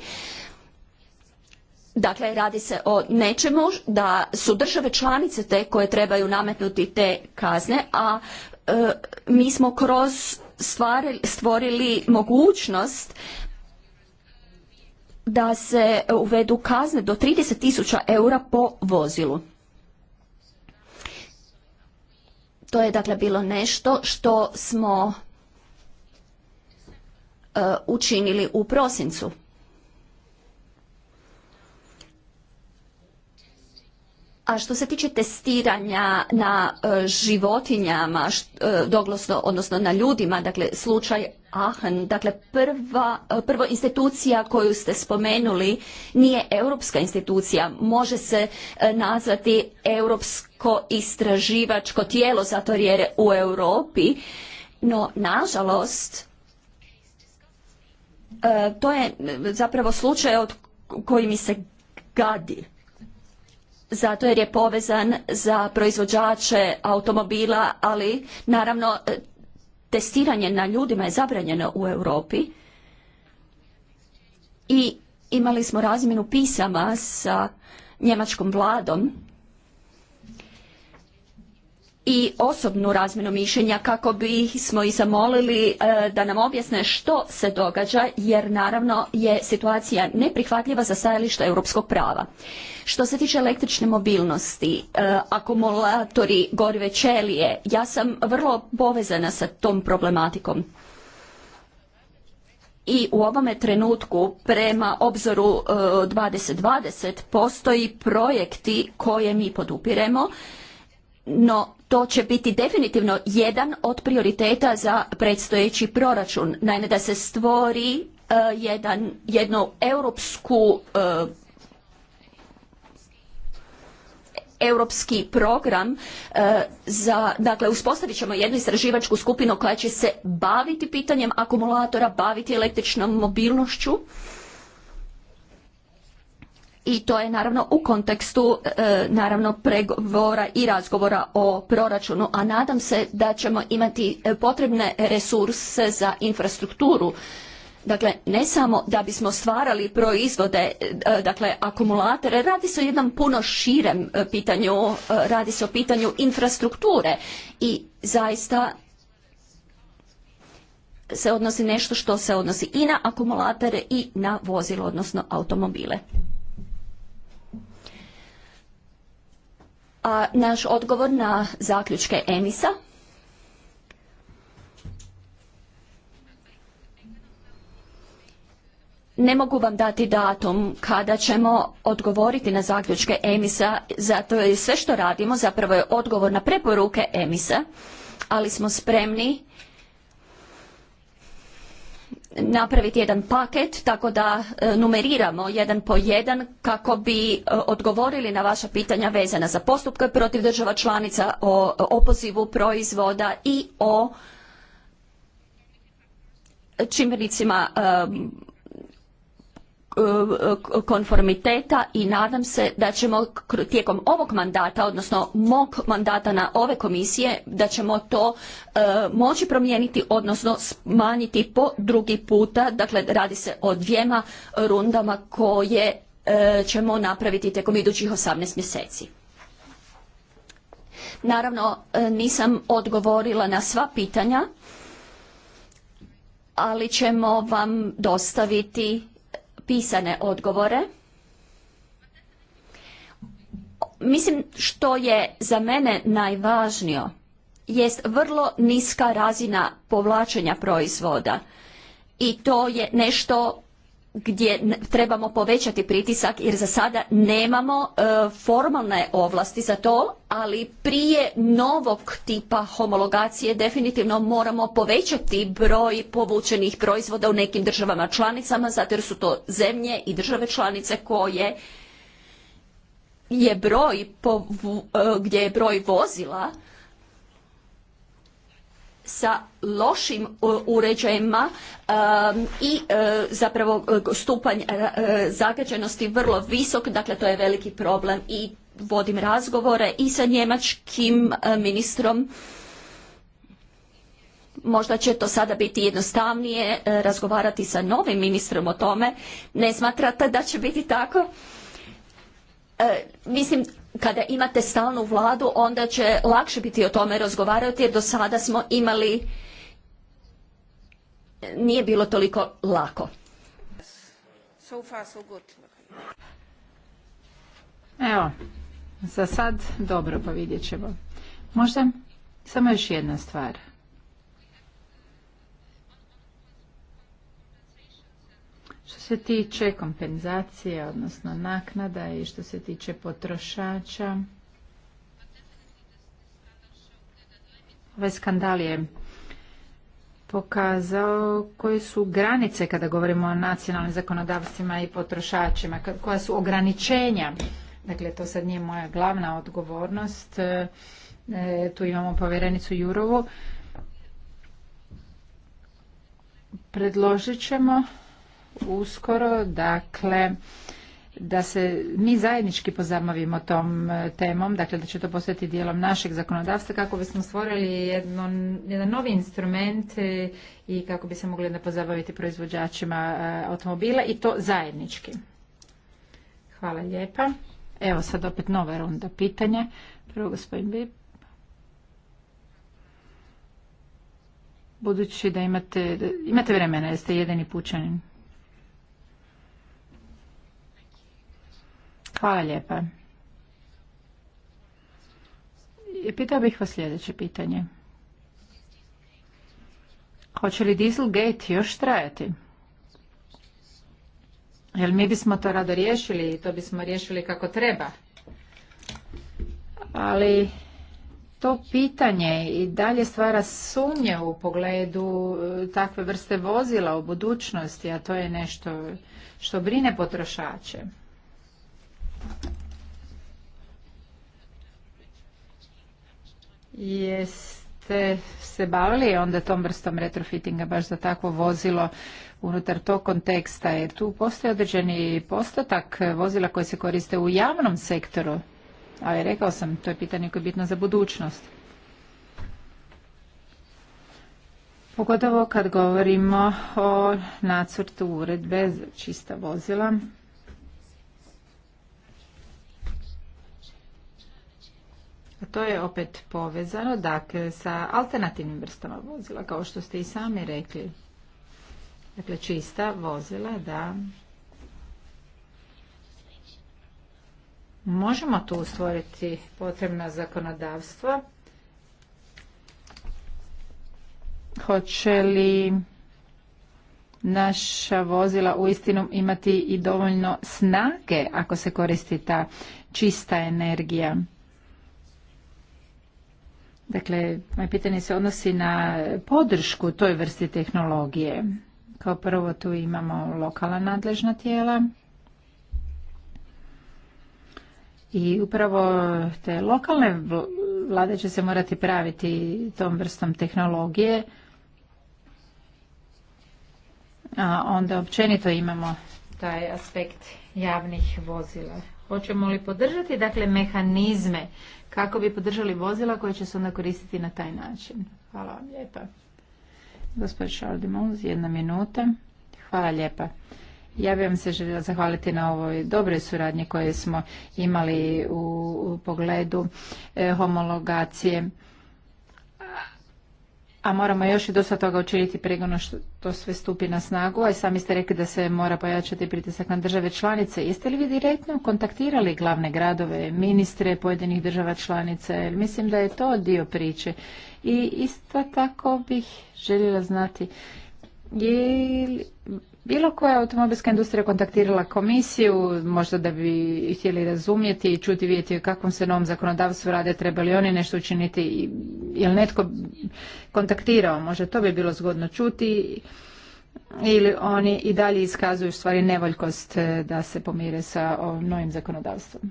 Dakle, radi se o nečemu da su države članice te koje trebaju nametnuti te kazne, a e, mi smo kroz stvorili mogućnost da se e, uvedu kazne do 30 tisuća eura po vozilu. To je dakle bilo nešto što smo e, učinili u prosincu. A što se tiče testiranja na e, životinjama, e, odnosno na ljudima, dakle slučaj Aachen, dakle prva, e, prvo institucija koju ste spomenuli nije europska institucija, može se nazvati europsko istraživačko tijelo zato jer je u Europi, no nažalost to je zapravo slučaj od koji mi se gadi zato jer je povezan za proizvođače automobila, ali naravno e, testiranje na ljudima je zabranjeno u Europi i imali smo razmjenu pisama sa njemačkom vladom i osobnu razmjenu mišljenja kako bismo smo i zamolili e, da nam objasne što se događa jer naravno je situacija neprihvatljiva za stajališta europskog prava. Što se tiče električne mobilnosti, e, akumulatori gorive čelije, ja sam vrlo povezana sa tom problematikom. I u ovome trenutku prema obzoru 2020 e, postoji projekti koje mi podupiremo no to će biti definitivno jedan od prioriteta za predstojeći proračun. Naime, da se stvori e, jedan, jednu europsku e, europski program e, za, dakle uspostavit ćemo jednu istraživačku skupinu koja će se baviti pitanjem akumulatora, baviti električnom mobilnošću i to je naravno u kontekstu e, naravno pregovora i razgovora o proračunu, a nadam se da ćemo imati e, potrebne resurse za infrastrukturu. Dakle, ne samo da bismo stvarali proizvode, e, dakle, akumulatore, radi se o jednom puno širem pitanju, radi se o pitanju infrastrukture i zaista se odnosi nešto što se odnosi i na akumulatore i na vozilo, odnosno automobile. a naš odgovor na zaključke emisa. Ne mogu vam dati datum kada ćemo odgovoriti na zaključke Emisa, zato je sve što radimo zapravo je odgovor na preporuke Emisa, ali smo spremni napraviti jedan paket tako da e, numeriramo jedan po jedan kako bi e, odgovorili na vaša pitanja vezana za postupke protiv država članica o opozivu proizvoda i o čimbenicima e, Eh, konformiteta i nadam se da ćemo tijekom ovog mandata, odnosno mog mandata na ove komisije, da ćemo to eh, moći promijeniti, odnosno smanjiti po drugi puta. Dakle, radi se o dvjema rundama koje eh, ćemo napraviti tijekom idućih 18 mjeseci. Naravno, nisam odgovorila na sva pitanja, ali ćemo vam dostaviti pisane odgovore. Mislim što je za mene najvažnije jest vrlo niska razina povlačenja proizvoda i to je nešto gdje trebamo povećati pritisak jer za sada nemamo e, formalne ovlasti za to, ali prije novog tipa homologacije definitivno moramo povećati broj povučenih proizvoda u nekim državama članicama zato jer su to zemlje i države članice koje je broj e, gdje je broj vozila sa lošim e, uređajima i e, zapravo e, stupanj zagađenosti vrlo visok, dakle to je veliki problem i vodim razgovore i sa njemačkim ministrom možda će to sada biti jednostavnije razgovarati sa novim ministrom o tome. Ne smatrate da će biti tako? mislim, kada imate stalnu vladu onda će lakše biti o tome razgovarati jer do sada smo imali nije bilo toliko lako. Evo, za sad dobro, pa vidjet ćemo. Možda samo još jedna stvar. se tiče kompenzacije, odnosno naknada i što se tiče potrošača, ovaj skandal je pokazao koje su granice kada govorimo o nacionalnim zakonodavstvima i potrošačima, koja su ograničenja. Dakle, to sad nije moja glavna odgovornost. E, tu imamo povjerenicu Jurovu. Predložit ćemo uskoro, dakle da se mi zajednički pozabavimo tom e, temom, dakle da će to postati dijelom našeg zakonodavstva kako bismo stvorili jedno, jedan novi instrument e, i kako bi se mogli da pozabaviti proizvođačima e, automobila i to zajednički. Hvala lijepa. Evo sad opet nova runda pitanja. Prvo gospodin Bip. Budući da imate, imate vremena, jeste jedini pučanin. Hvala lijepa. Pitao bih vas sljedeće pitanje. Hoće li Dieselgate još trajati? Jer mi bismo to rado riješili i to bismo riješili kako treba. Ali to pitanje i dalje stvara sumnje u pogledu e, takve vrste vozila u budućnosti, a to je nešto što brine potrošače. Jeste se bavili onda tom vrstom retrofittinga baš za takvo vozilo unutar tog konteksta? Jer tu postoji određeni postotak vozila koje se koriste u javnom sektoru. Ali rekao sam, to je pitanje koje je bitno za budućnost. Pogotovo kad govorimo o nacrtu uredbe za čista vozila. To je opet povezano dakle, sa alternativnim vrstama vozila, kao što ste i sami rekli. Dakle, čista vozila, da. Možemo tu stvoriti potrebna zakonodavstva. Hoće li naša vozila uistinu imati i dovoljno snage ako se koristi ta čista energija? Dakle, moje pitanje se odnosi na podršku toj vrsti tehnologije. Kao prvo tu imamo lokalna nadležna tijela i upravo te lokalne vlade će se morati praviti tom vrstom tehnologije. A onda općenito imamo taj aspekt javnih vozila. Hoćemo li podržati dakle mehanizme kako bi podržali vozila koje će se onda koristiti na taj način. Hvala vam lijepa. Gospodin jedna minuta. Hvala lijepa. Ja bih vam se željela zahvaliti na ovoj dobroj suradnji koje smo imali u, pogledu eh, homologacije a moramo još i dosta toga učiniti prije što to sve stupi na snagu, a i sami ste rekli da se mora pojačati pritisak na države članice. Jeste li vi direktno kontaktirali glavne gradove, ministre pojedinih država članica? mislim da je to dio priče. I isto tako bih željela znati bilo koja automobilska industrija kontaktirala komisiju, možda da bi htjeli razumjeti i čuti, vidjeti o kakvom se novom zakonodavstvu rade, treba li oni nešto učiniti, je netko kontaktirao, možda to bi bilo zgodno čuti, ili oni i dalje iskazuju stvari nevoljkost eh, da se pomire sa ovim novim zakonodavstvom.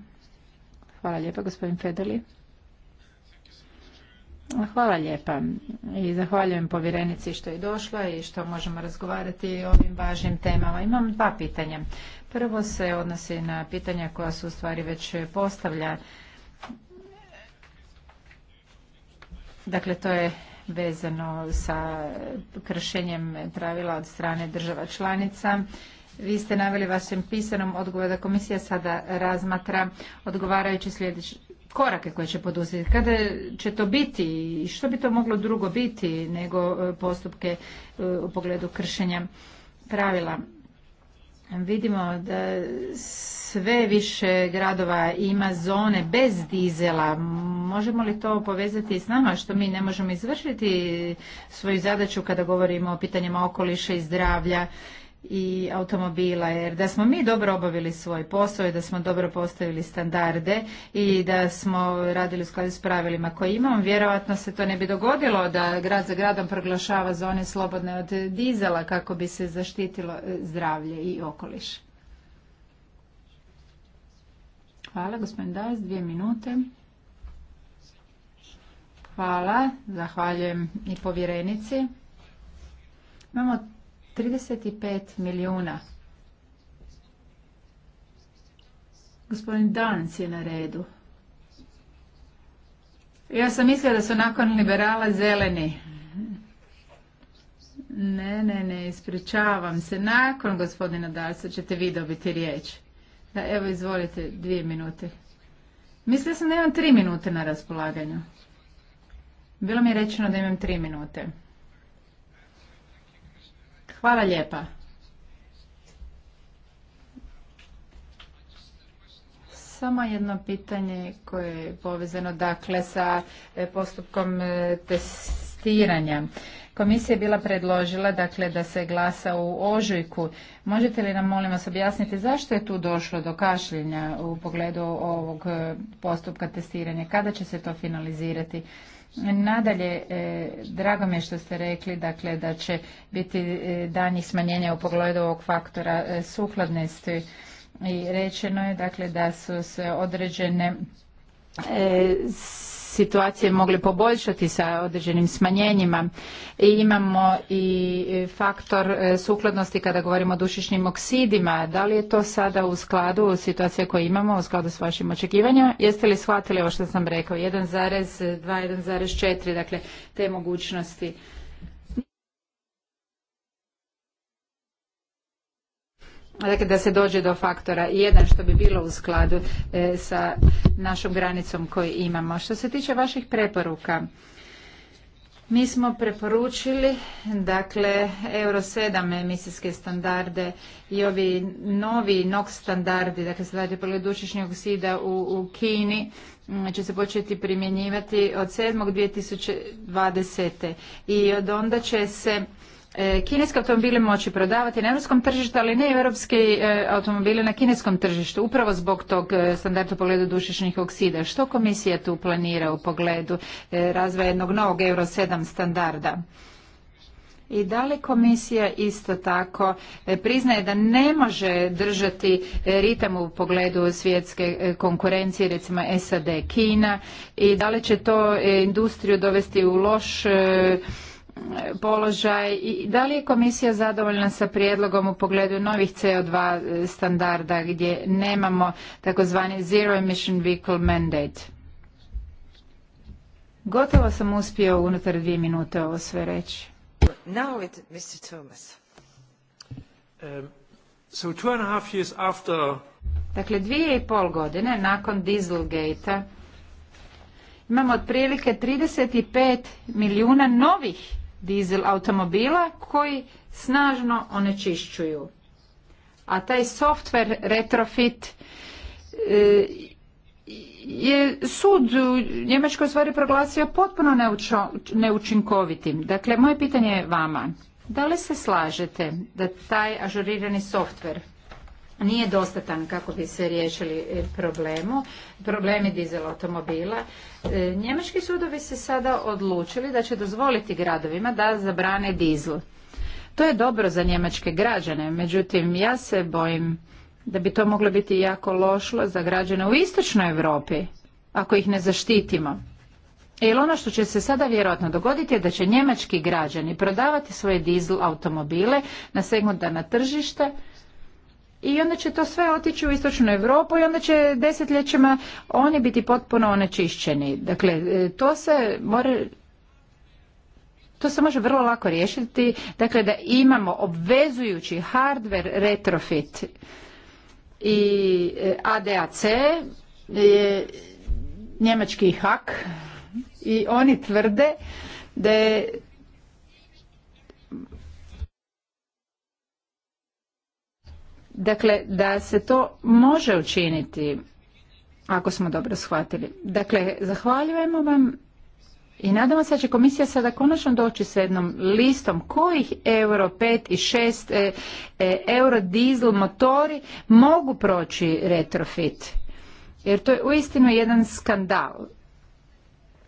Hvala lijepa, gospodin Fedeli. Hvala lijepa i zahvaljujem povjerenici što je došla i što možemo razgovarati o ovim važnim temama. Imam dva pitanja. Prvo se odnosi na pitanja koja su u stvari već postavlja. Dakle, to je vezano sa kršenjem pravila od strane država članica. Vi ste naveli vašem pisanom odgovoru da komisija sada razmatra odgovarajući sljedeći korake koje će poduzeti. Kada će to biti i što bi to moglo drugo biti nego e, postupke e, u pogledu kršenja pravila? Vidimo da sve više gradova ima zone bez dizela. Možemo li to povezati s nama što mi ne možemo izvršiti svoju zadaću kada govorimo o pitanjima okoliša i zdravlja i automobila jer da smo mi dobro obavili svoj posao i da smo dobro postavili standarde i da smo radili u skladu s pravilima koje imamo, vjerojatno se to ne bi dogodilo da grad za gradom proglašava zone slobodne od dizela kako bi se zaštitilo e, zdravlje i okoliš. Hvala, gospodin Das, dvije minute. Hvala, zahvaljujem i povjerenici. Imamo 35 milijuna. Gospodin Danc je na redu. Ja sam mislila da su nakon liberala zeleni. Ne, ne, ne, ispričavam se. Nakon gospodina Darsa ćete vi dobiti riječ. Da, evo, izvolite, dvije minute. Mislila sam da imam tri minute na raspolaganju. Bilo mi je rečeno da imam tri minute. Hvala lijepa. Samo jedno pitanje koje je povezano dakle sa e, postupkom e, testiranja. Komisija je bila predložila dakle da se glasa u ožujku. Možete li nam molim vas objasniti zašto je tu došlo do kašljenja u pogledu ovog e, postupka testiranja? Kada će se to finalizirati? Nadalje, e, drago mi je što ste rekli dakle, da će biti e, danji smanjenja u pogledu ovog faktora e, sukladnosti i rečeno je dakle, da su se određene situacije mogli poboljšati sa određenim smanjenjima. I imamo i e, faktor e, sukladnosti kada govorimo o dušičnim oksidima. Da li je to sada u skladu situacije koje imamo, u skladu s vašim očekivanjima? Jeste li shvatili ovo što sam rekao? 1,2, 1,4, dakle te mogućnosti dakle da se dođe do faktora jedan što bi bilo u skladu e, sa našom granicom koju imamo. Što se tiče vaših preporuka, mi smo preporučili dakle Euro 7 emisijske standarde i ovi novi NOx standardi, dakle standardi polidušičnog oksida u, u Kini će se početi primjenjivati od 7. 2020. i od onda će se E, kineski automobili moći prodavati na europskom tržištu, ali ne i europski e, automobili na kineskom tržištu, upravo zbog tog e, standarda u pogledu dušičnih oksida. Što komisija tu planira u pogledu razvoja jednog novog Euro 7 standarda? I da li komisija isto tako priznaje da ne može držati ritam u pogledu svjetske konkurencije, recimo SAD, Kina, i da li će to industriju dovesti u loš položaj i da li je komisija zadovoljna sa prijedlogom u pogledu novih CO2 standarda gdje nemamo takozvani zero emission vehicle mandate? Gotovo sam uspio unutar dvije minute ovo sve reći. Now Dakle, dvije i pol godine nakon Dieselgate-a imamo otprilike 35 milijuna novih dizel automobila koji snažno onečišćuju. A taj software retrofit e, je sud u Njemačkoj stvari proglasio potpuno neučinkovitim. Dakle, moje pitanje je vama. Da li se slažete da taj ažurirani software nije dostatan kako bi se riješili e, problemu, problemi dizel automobila. E, njemački sudovi se sada odlučili da će dozvoliti gradovima da zabrane dizel. To je dobro za njemačke građane, međutim ja se bojim da bi to moglo biti jako lošlo za građane u istočnoj Europi ako ih ne zaštitimo. Jer ono što će se sada vjerojatno dogoditi je da će njemački građani prodavati svoje dizel automobile na segmentarna tržišta i onda će to sve otići u istočnu Europu i onda će desetljećima oni biti potpuno onečišćeni. Dakle, e, to se mora to se može vrlo lako riješiti, dakle da imamo obvezujući hardware retrofit i e, ADAC je njemački hak i oni tvrde da je Dakle, da se to može učiniti ako smo dobro shvatili. Dakle, zahvaljujemo vam i nadamo se da će komisija sada konačno doći s jednom listom kojih euro 5 i 6 e, e, euro dizel motori mogu proći retrofit. Jer to je uistinu jedan skandal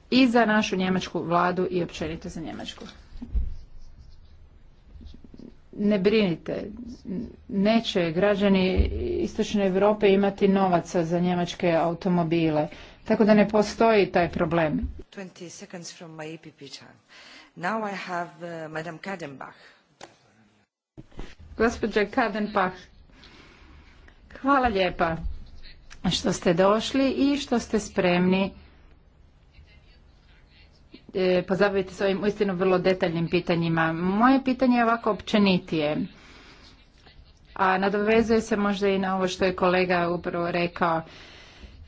i za našu njemačku vladu i općenito za njemačku ne brinite, neće građani Istočne Europe imati novaca za njemačke automobile, tako da ne postoji taj problem. 20 e Now I uh, Kadenbach. Kadenbach, hvala lijepa što ste došli i što ste spremni E, pozabaviti s ovim uistinu vrlo detaljnim pitanjima. Moje pitanje je ovako općenitije, a nadovezuje se možda i na ovo što je kolega upravo rekao.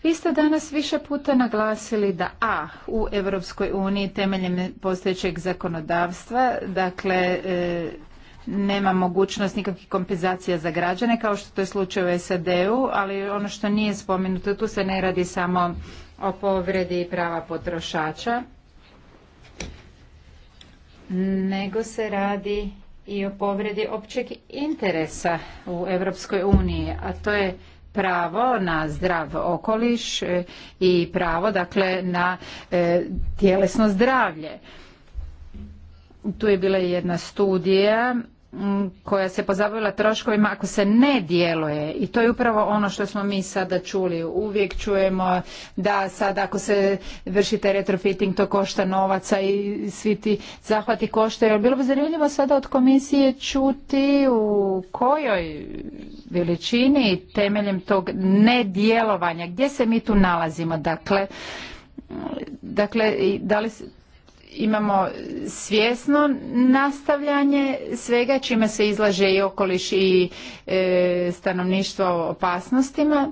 Vi ste danas više puta naglasili da A u Europskoj uniji temeljem postojećeg zakonodavstva, dakle e, nema mogućnost nikakvih kompenzacija za građane kao što to je slučaj u SAD-u, ali ono što nije spomenuto, tu se ne radi samo o povredi prava potrošača, nego se radi i o povredi općeg interesa u Europskoj uniji, a to je pravo na zdrav okoliš e, i pravo dakle na e, tjelesno zdravlje. Tu je bila jedna studija koja se pozabavila troškovima ako se ne djeluje i to je upravo ono što smo mi sada čuli uvijek čujemo da sad ako se vršite retrofitting to košta novaca i svi ti zahvati koštaju bilo bi zanimljivo sada od komisije čuti u kojoj veličini temeljem tog nedjelovanja gdje se mi tu nalazimo dakle dakle da li imamo svjesno nastavljanje svega čime se izlaže i okoliš i e, stanovništvo opasnostima.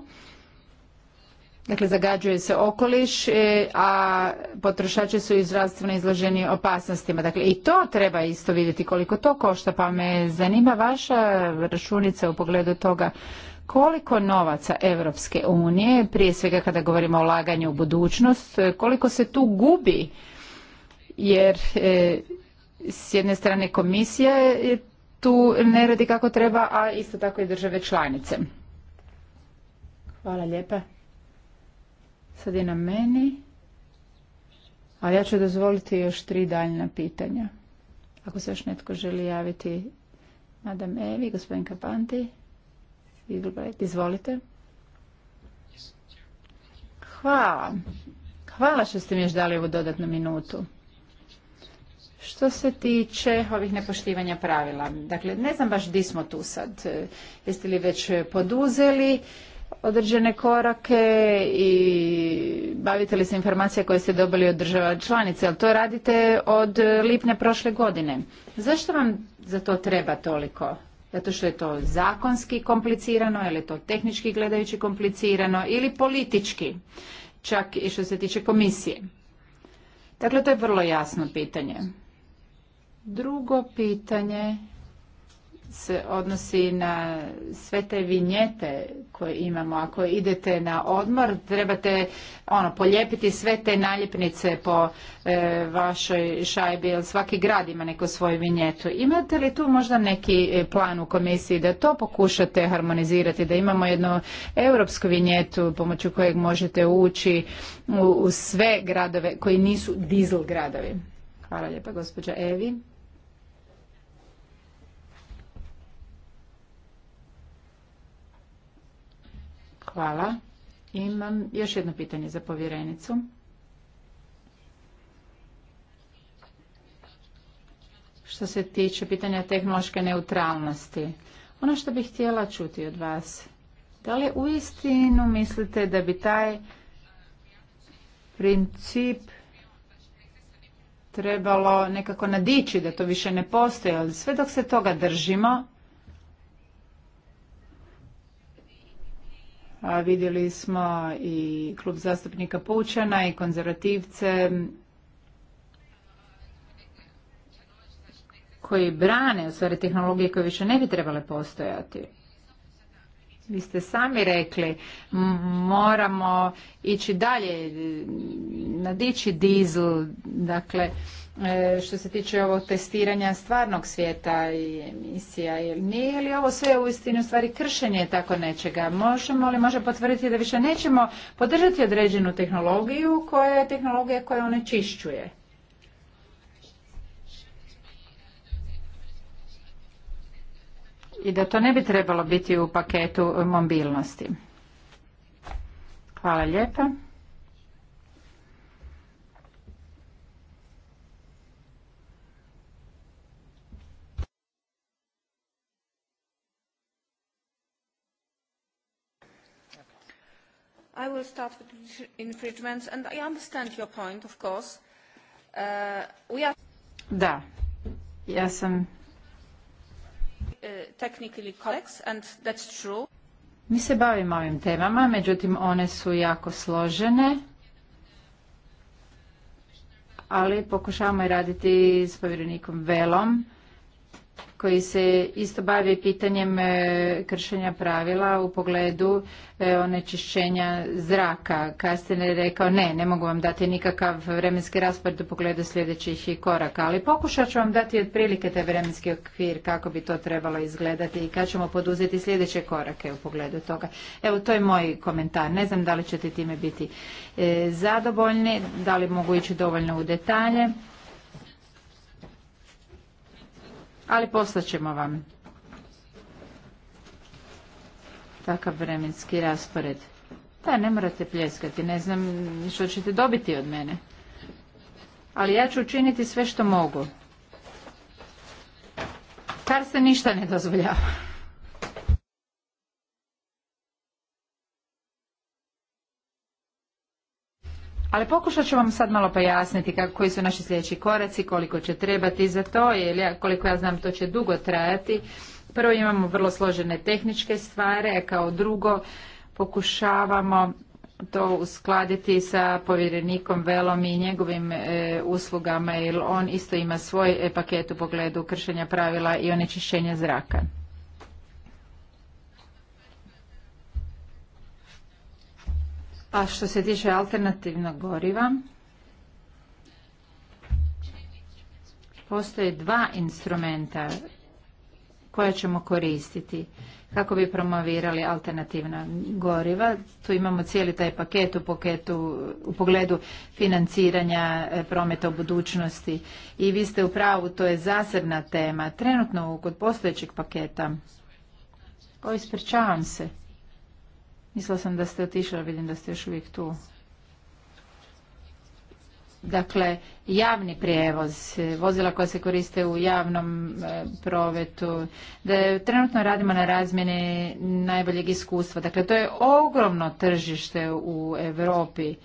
Dakle, zagađuje se okoliš, e, a potrošači su i zdravstveno izloženi opasnostima. Dakle, i to treba isto vidjeti koliko to košta, pa me zanima vaša računica u pogledu toga koliko novaca Evropske unije, prije svega kada govorimo o laganju u budućnost, e, koliko se tu gubi jer e, s jedne strane komisija tu ne radi kako treba, a isto tako i države članice. Hvala lijepa. Sad je na meni. A ja ću dozvoliti još tri daljna pitanja. Ako se još netko želi javiti, Madam Evi, gospodin Kapanti, izvolite. Hvala. Hvala što ste mi još dali ovu dodatnu minutu. Što se tiče ovih nepoštivanja pravila, dakle ne znam baš di smo tu sad. Jeste li već poduzeli određene korake i bavite li se informacije koje ste dobili od država članice, ali to radite od lipnja prošle godine. Zašto vam za to treba toliko? Zato što je to zakonski komplicirano, ili to tehnički gledajući komplicirano ili politički, čak i što se tiče komisije. Dakle, to je vrlo jasno pitanje. Drugo pitanje se odnosi na sve te vinjete koje imamo. Ako idete na odmor, trebate ono, polijepiti sve te naljepnice po e, vašoj šajbi, jer svaki grad ima neku svoju vinjetu. Imate li tu možda neki e, plan u komisiji da to pokušate harmonizirati, da imamo jednu europsku vinjetu pomoću kojeg možete ući u, u sve gradove koji nisu dizel gradovi? Hvala lijepa, gospođa Evi. Hvala. Imam još jedno pitanje za povjerenicu. Što se tiče pitanja tehnološke neutralnosti, ono što bih htjela čuti od vas, da li uistinu mislite da bi taj princip trebalo nekako nadići, da to više ne postoji, ali sve dok se toga držimo, Vidjeli smo i klub zastupnika Pučana i konzervativce koji brane u stvari tehnologije koje više ne bi trebale postojati. Vi ste sami rekli, moramo ići dalje, nadići dizel, dakle, E, što se tiče ovog testiranja stvarnog svijeta i emisija ili nije li ovo sve u istinu stvari kršenje tako nečega možemo li možda potvrditi da više nećemo podržati određenu tehnologiju koja je tehnologija koja onečišćuje i da to ne bi trebalo biti u paketu mobilnosti hvala lijepa I will start with infringements, and I understand your point, of course. Uh, we are... Da, ja sam... Uh, technically complex, and that's true. Mi se bavimo ovim temama, međutim one su jako složene, ali pokušavamo i raditi s povjerenikom Velom koji se isto bavi pitanjem e, kršenja pravila u pogledu e, onečišćenja zraka. Kasten je rekao ne, ne mogu vam dati nikakav vremenski raspored u pogledu sljedećih koraka, ali pokušat ću vam dati otprilike taj vremenski okvir kako bi to trebalo izgledati i kad ćemo poduzeti sljedeće korake u pogledu toga. Evo, to je moj komentar. Ne znam da li ćete time biti e, zadovoljni, da li mogu ići dovoljno u detalje. ali ćemo vam takav vremenski raspored. Da, ne morate pljeskati, ne znam što ćete dobiti od mene. Ali ja ću učiniti sve što mogu. Kar se ništa ne dozvoljava. Ali pokušat ću vam sad malo pojasniti koji su naši sljedeći koraci, koliko će trebati za to, jer ja, koliko ja znam to će dugo trajati. Prvo imamo vrlo složene tehničke stvari, a kao drugo pokušavamo to uskladiti sa povjerenikom Velom i njegovim e, uslugama jer on isto ima svoj e, paket u pogledu kršenja pravila i onečišćenja zraka. A što se tiče alternativnog goriva, postoje dva instrumenta koja ćemo koristiti kako bi promovirali alternativna goriva. Tu imamo cijeli taj paket u, paketu, u pogledu financiranja e, prometa u budućnosti i vi ste u pravu, to je zasebna tema. Trenutno kod postojećeg paketa, koji ispričavam se, Mislila sam da ste otišli, vidim da ste još uvijek tu. Dakle, javni prijevoz, vozila koja se koriste u javnom e, provetu, da trenutno radimo na razmjeni najboljeg iskustva. Dakle, to je ogromno tržište u Europi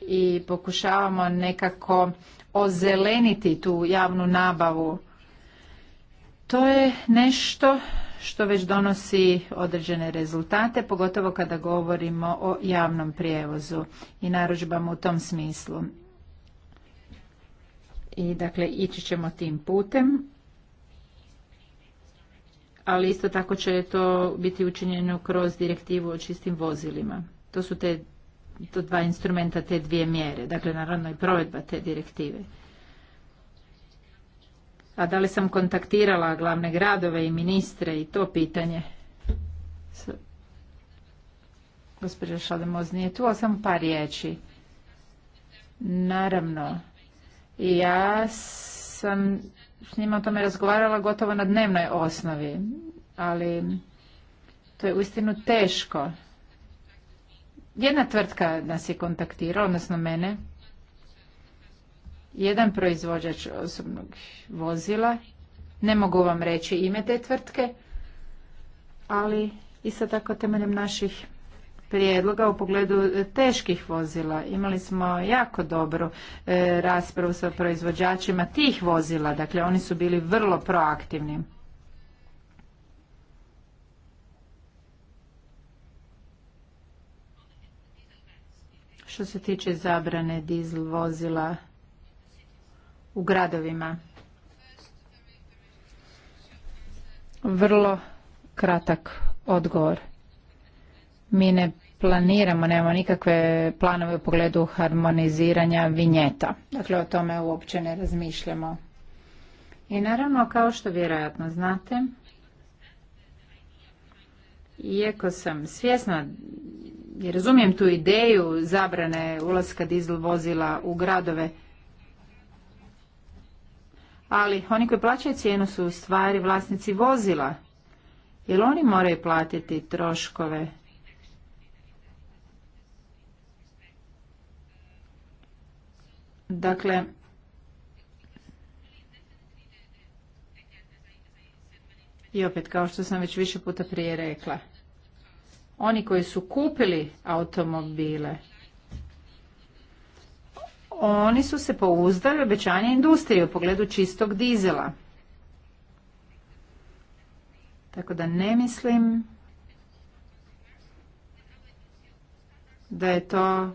i pokušavamo nekako ozeleniti tu javnu nabavu. To je nešto što već donosi određene rezultate, pogotovo kada govorimo o javnom prijevozu i naručbama u tom smislu. I dakle, ići ćemo tim putem, ali isto tako će to biti učinjeno kroz direktivu o čistim vozilima. To su te to dva instrumenta, te dvije mjere, dakle naravno i provedba te direktive. A da li sam kontaktirala glavne gradove i ministre i to pitanje? Gospođa Šalimoz nije tu, ali sam par riječi. Naravno, ja sam s njima o tome razgovarala gotovo na dnevnoj osnovi, ali to je uistinu teško. Jedna tvrtka nas je kontaktirala, odnosno mene, jedan proizvođač osobnog vozila, ne mogu vam reći ime te tvrtke, ali isto tako temeljem naših prijedloga u pogledu teških vozila. Imali smo jako dobru e, raspravu sa proizvođačima tih vozila, dakle oni su bili vrlo proaktivni. Što se tiče zabrane dizel vozila u gradovima. Vrlo kratak odgovor. Mi ne planiramo, nemamo nikakve planove u pogledu harmoniziranja vinjeta. Dakle, o tome uopće ne razmišljamo. I naravno, kao što vjerojatno znate, iako sam svjesna i razumijem tu ideju zabrane ulaska dizel vozila u gradove, ali oni koji plaćaju cijenu su u stvari vlasnici vozila, jer oni moraju platiti troškove. Dakle, i opet kao što sam već više puta prije rekla, oni koji su kupili automobile, oni su se pouzdali obećanje industrije u pogledu čistog dizela. Tako da ne mislim da je to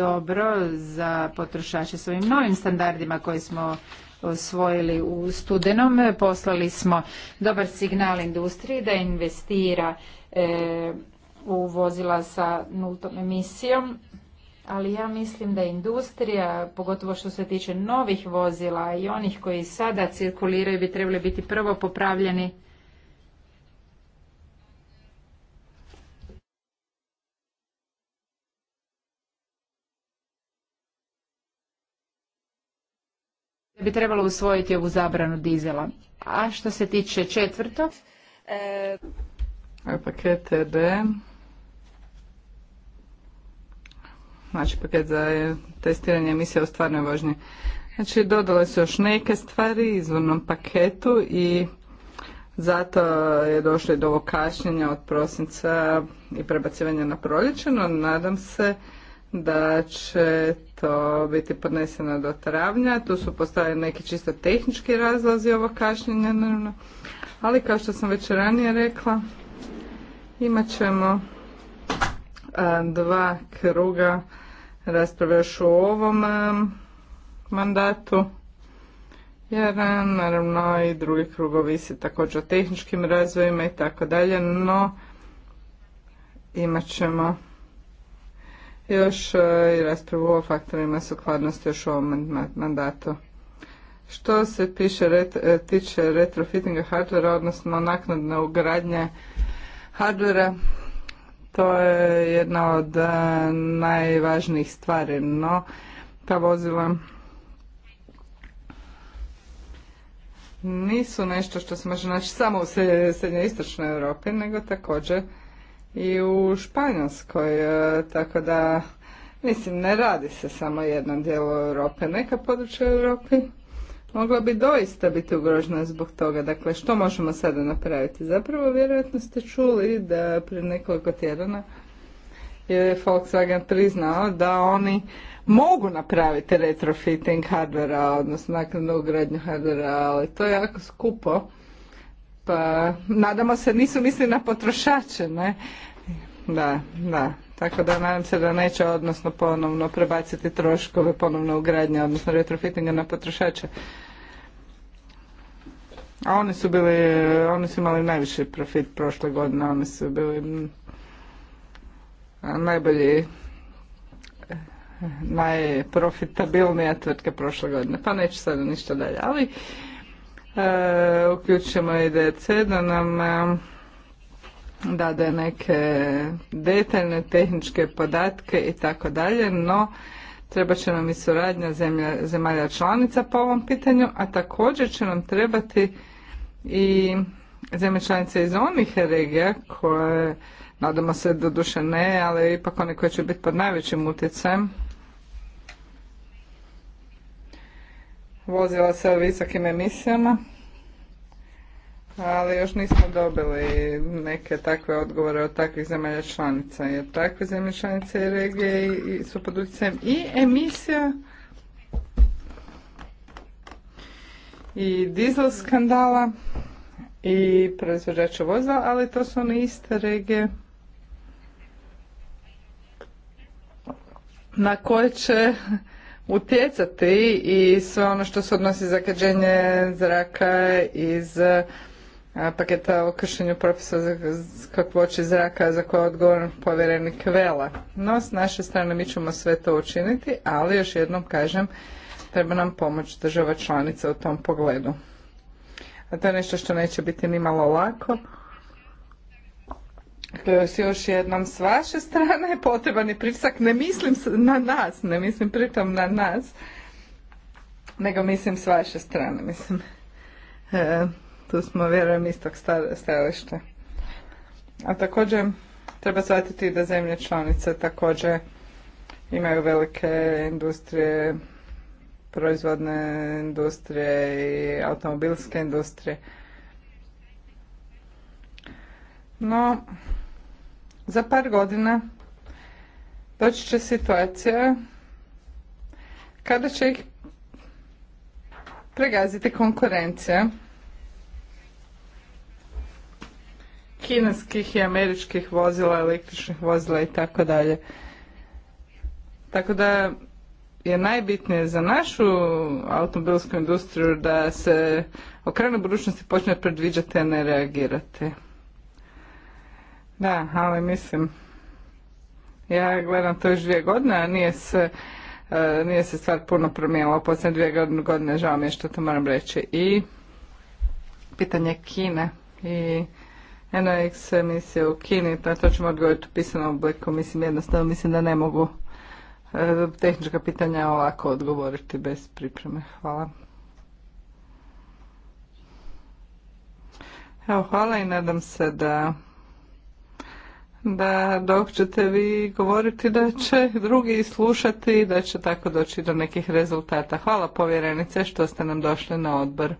dobro za potrošače s ovim novim standardima koje smo osvojili u studenom. E, poslali smo dobar signal industriji da investira e, u vozila sa nultom emisijom ali ja mislim da industrija, pogotovo što se tiče novih vozila i onih koji sada cirkuliraju, bi trebali biti prvo popravljeni. bi trebalo usvojiti ovu zabranu dizela. A što se tiče četvrtog? E, e, paket e znači paket za testiranje emisije o stvarnoj vožnji. Znači dodale su još neke stvari izvornom paketu i zato je došlo i do ovog kašnjenja od prosinca i prebacivanja na proljeće, no nadam se da će to biti podneseno do travnja. Tu su postavljeni neki čisto tehnički razlozi ovog kašnjenja, naravno. Ali kao što sam već ranije rekla, imat ćemo dva kruga rasprave još u ovom mandatu jer naravno i drugi krug ovisi također o tehničkim razvojima i tako dalje, no imat ćemo još e, i raspravu o faktorima sukladnosti još u ovom mandatu. Što se e, tiče retrofittinga hardvera, odnosno naknadne ugradnje hardvera, to je jedna od e, najvažnijih stvari, no ta vozila nisu nešto što se može naći samo u srednjoistočnoj Europi, nego također i u Španjolskoj, e, tako da mislim ne radi se samo jednom dijelu Europe, neka područja Europi mogla bi doista biti ugrožena zbog toga. Dakle, što možemo sada napraviti? Zapravo, vjerojatno ste čuli da prije nekoliko tjedana je Volkswagen priznao da oni mogu napraviti retrofitting hardvera, odnosno naknadnu ugradnju hardvera, ali to je jako skupo. Pa, nadamo se, nisu mislili na potrošače, ne? Da, da. Tako da nadam se da neće odnosno ponovno prebaciti troškove ponovno ugradnje, odnosno retrofittinga na potrošače. A oni su bili, oni su imali najviši profit prošle godine, oni su bili mm, najbolji najprofitabilnija tvrtka prošle godine. Pa neću sada ništa dalje, ali uključujemo uključimo i DC da nam e, dade neke detaljne tehničke podatke i tako dalje, no treba će nam i suradnja zemalja članica po ovom pitanju, a također će nam trebati i zemlje članice iz onih regija koje, nadamo se duše ne, ali ipak one koje će biti pod najvećim utjecajem, vozila u visokim emisijama, ali još nismo dobili neke takve odgovore od takvih zemalja članica, jer takve zemlje članice i regije su pod utjecajem i emisija i dizel skandala i proizvođača voza, ali to su one iste regije na koje će utjecati i sve ono što se odnosi kađenje zraka iz paketa o kršenju propisa za kakvoći zraka za koje je odgovoran povjerenik Vela. No, s naše strane mi ćemo sve to učiniti, ali još jednom kažem, Treba nam pomoć država članica u tom pogledu. A to je nešto što neće biti ni malo lako. Još, još jednom s vaše strane potreban je pritisak. Ne mislim na nas, ne mislim pritom na nas, nego mislim s vaše strane. Mislim, e, tu smo vjerujem istog stajališta. A također treba shvatiti da zemlje članice također imaju velike industrije proizvodne industrije i automobilske industrije. No, za par godina doći će situacija kada će ih pregaziti konkurencija kineskih i američkih vozila, električnih vozila i tako dalje. Tako da je najbitnije za našu automobilsku industriju da se okrene budućnosti počne predviđati, a ne reagirati. Da, ali mislim, ja gledam to još dvije godine, a nije se, e, nije se stvar puno promijenila. Posljednje dvije godine, žao mi je što to moram reći. I pitanje Kine i NOx emisije u Kini, pa to ćemo odgovoriti u pisanom obliku, mislim jednostavno, mislim da ne mogu E, tehnička pitanja ovako odgovoriti bez pripreme. Hvala. Evo, hvala i nadam se da da dok ćete vi govoriti da će drugi slušati i da će tako doći do nekih rezultata. Hvala povjerenice što ste nam došli na odbor.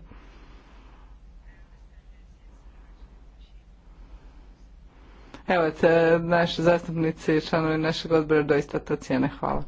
Evo, te, naši zastupnici i članovi našeg odbora doista to cijene. Hvala.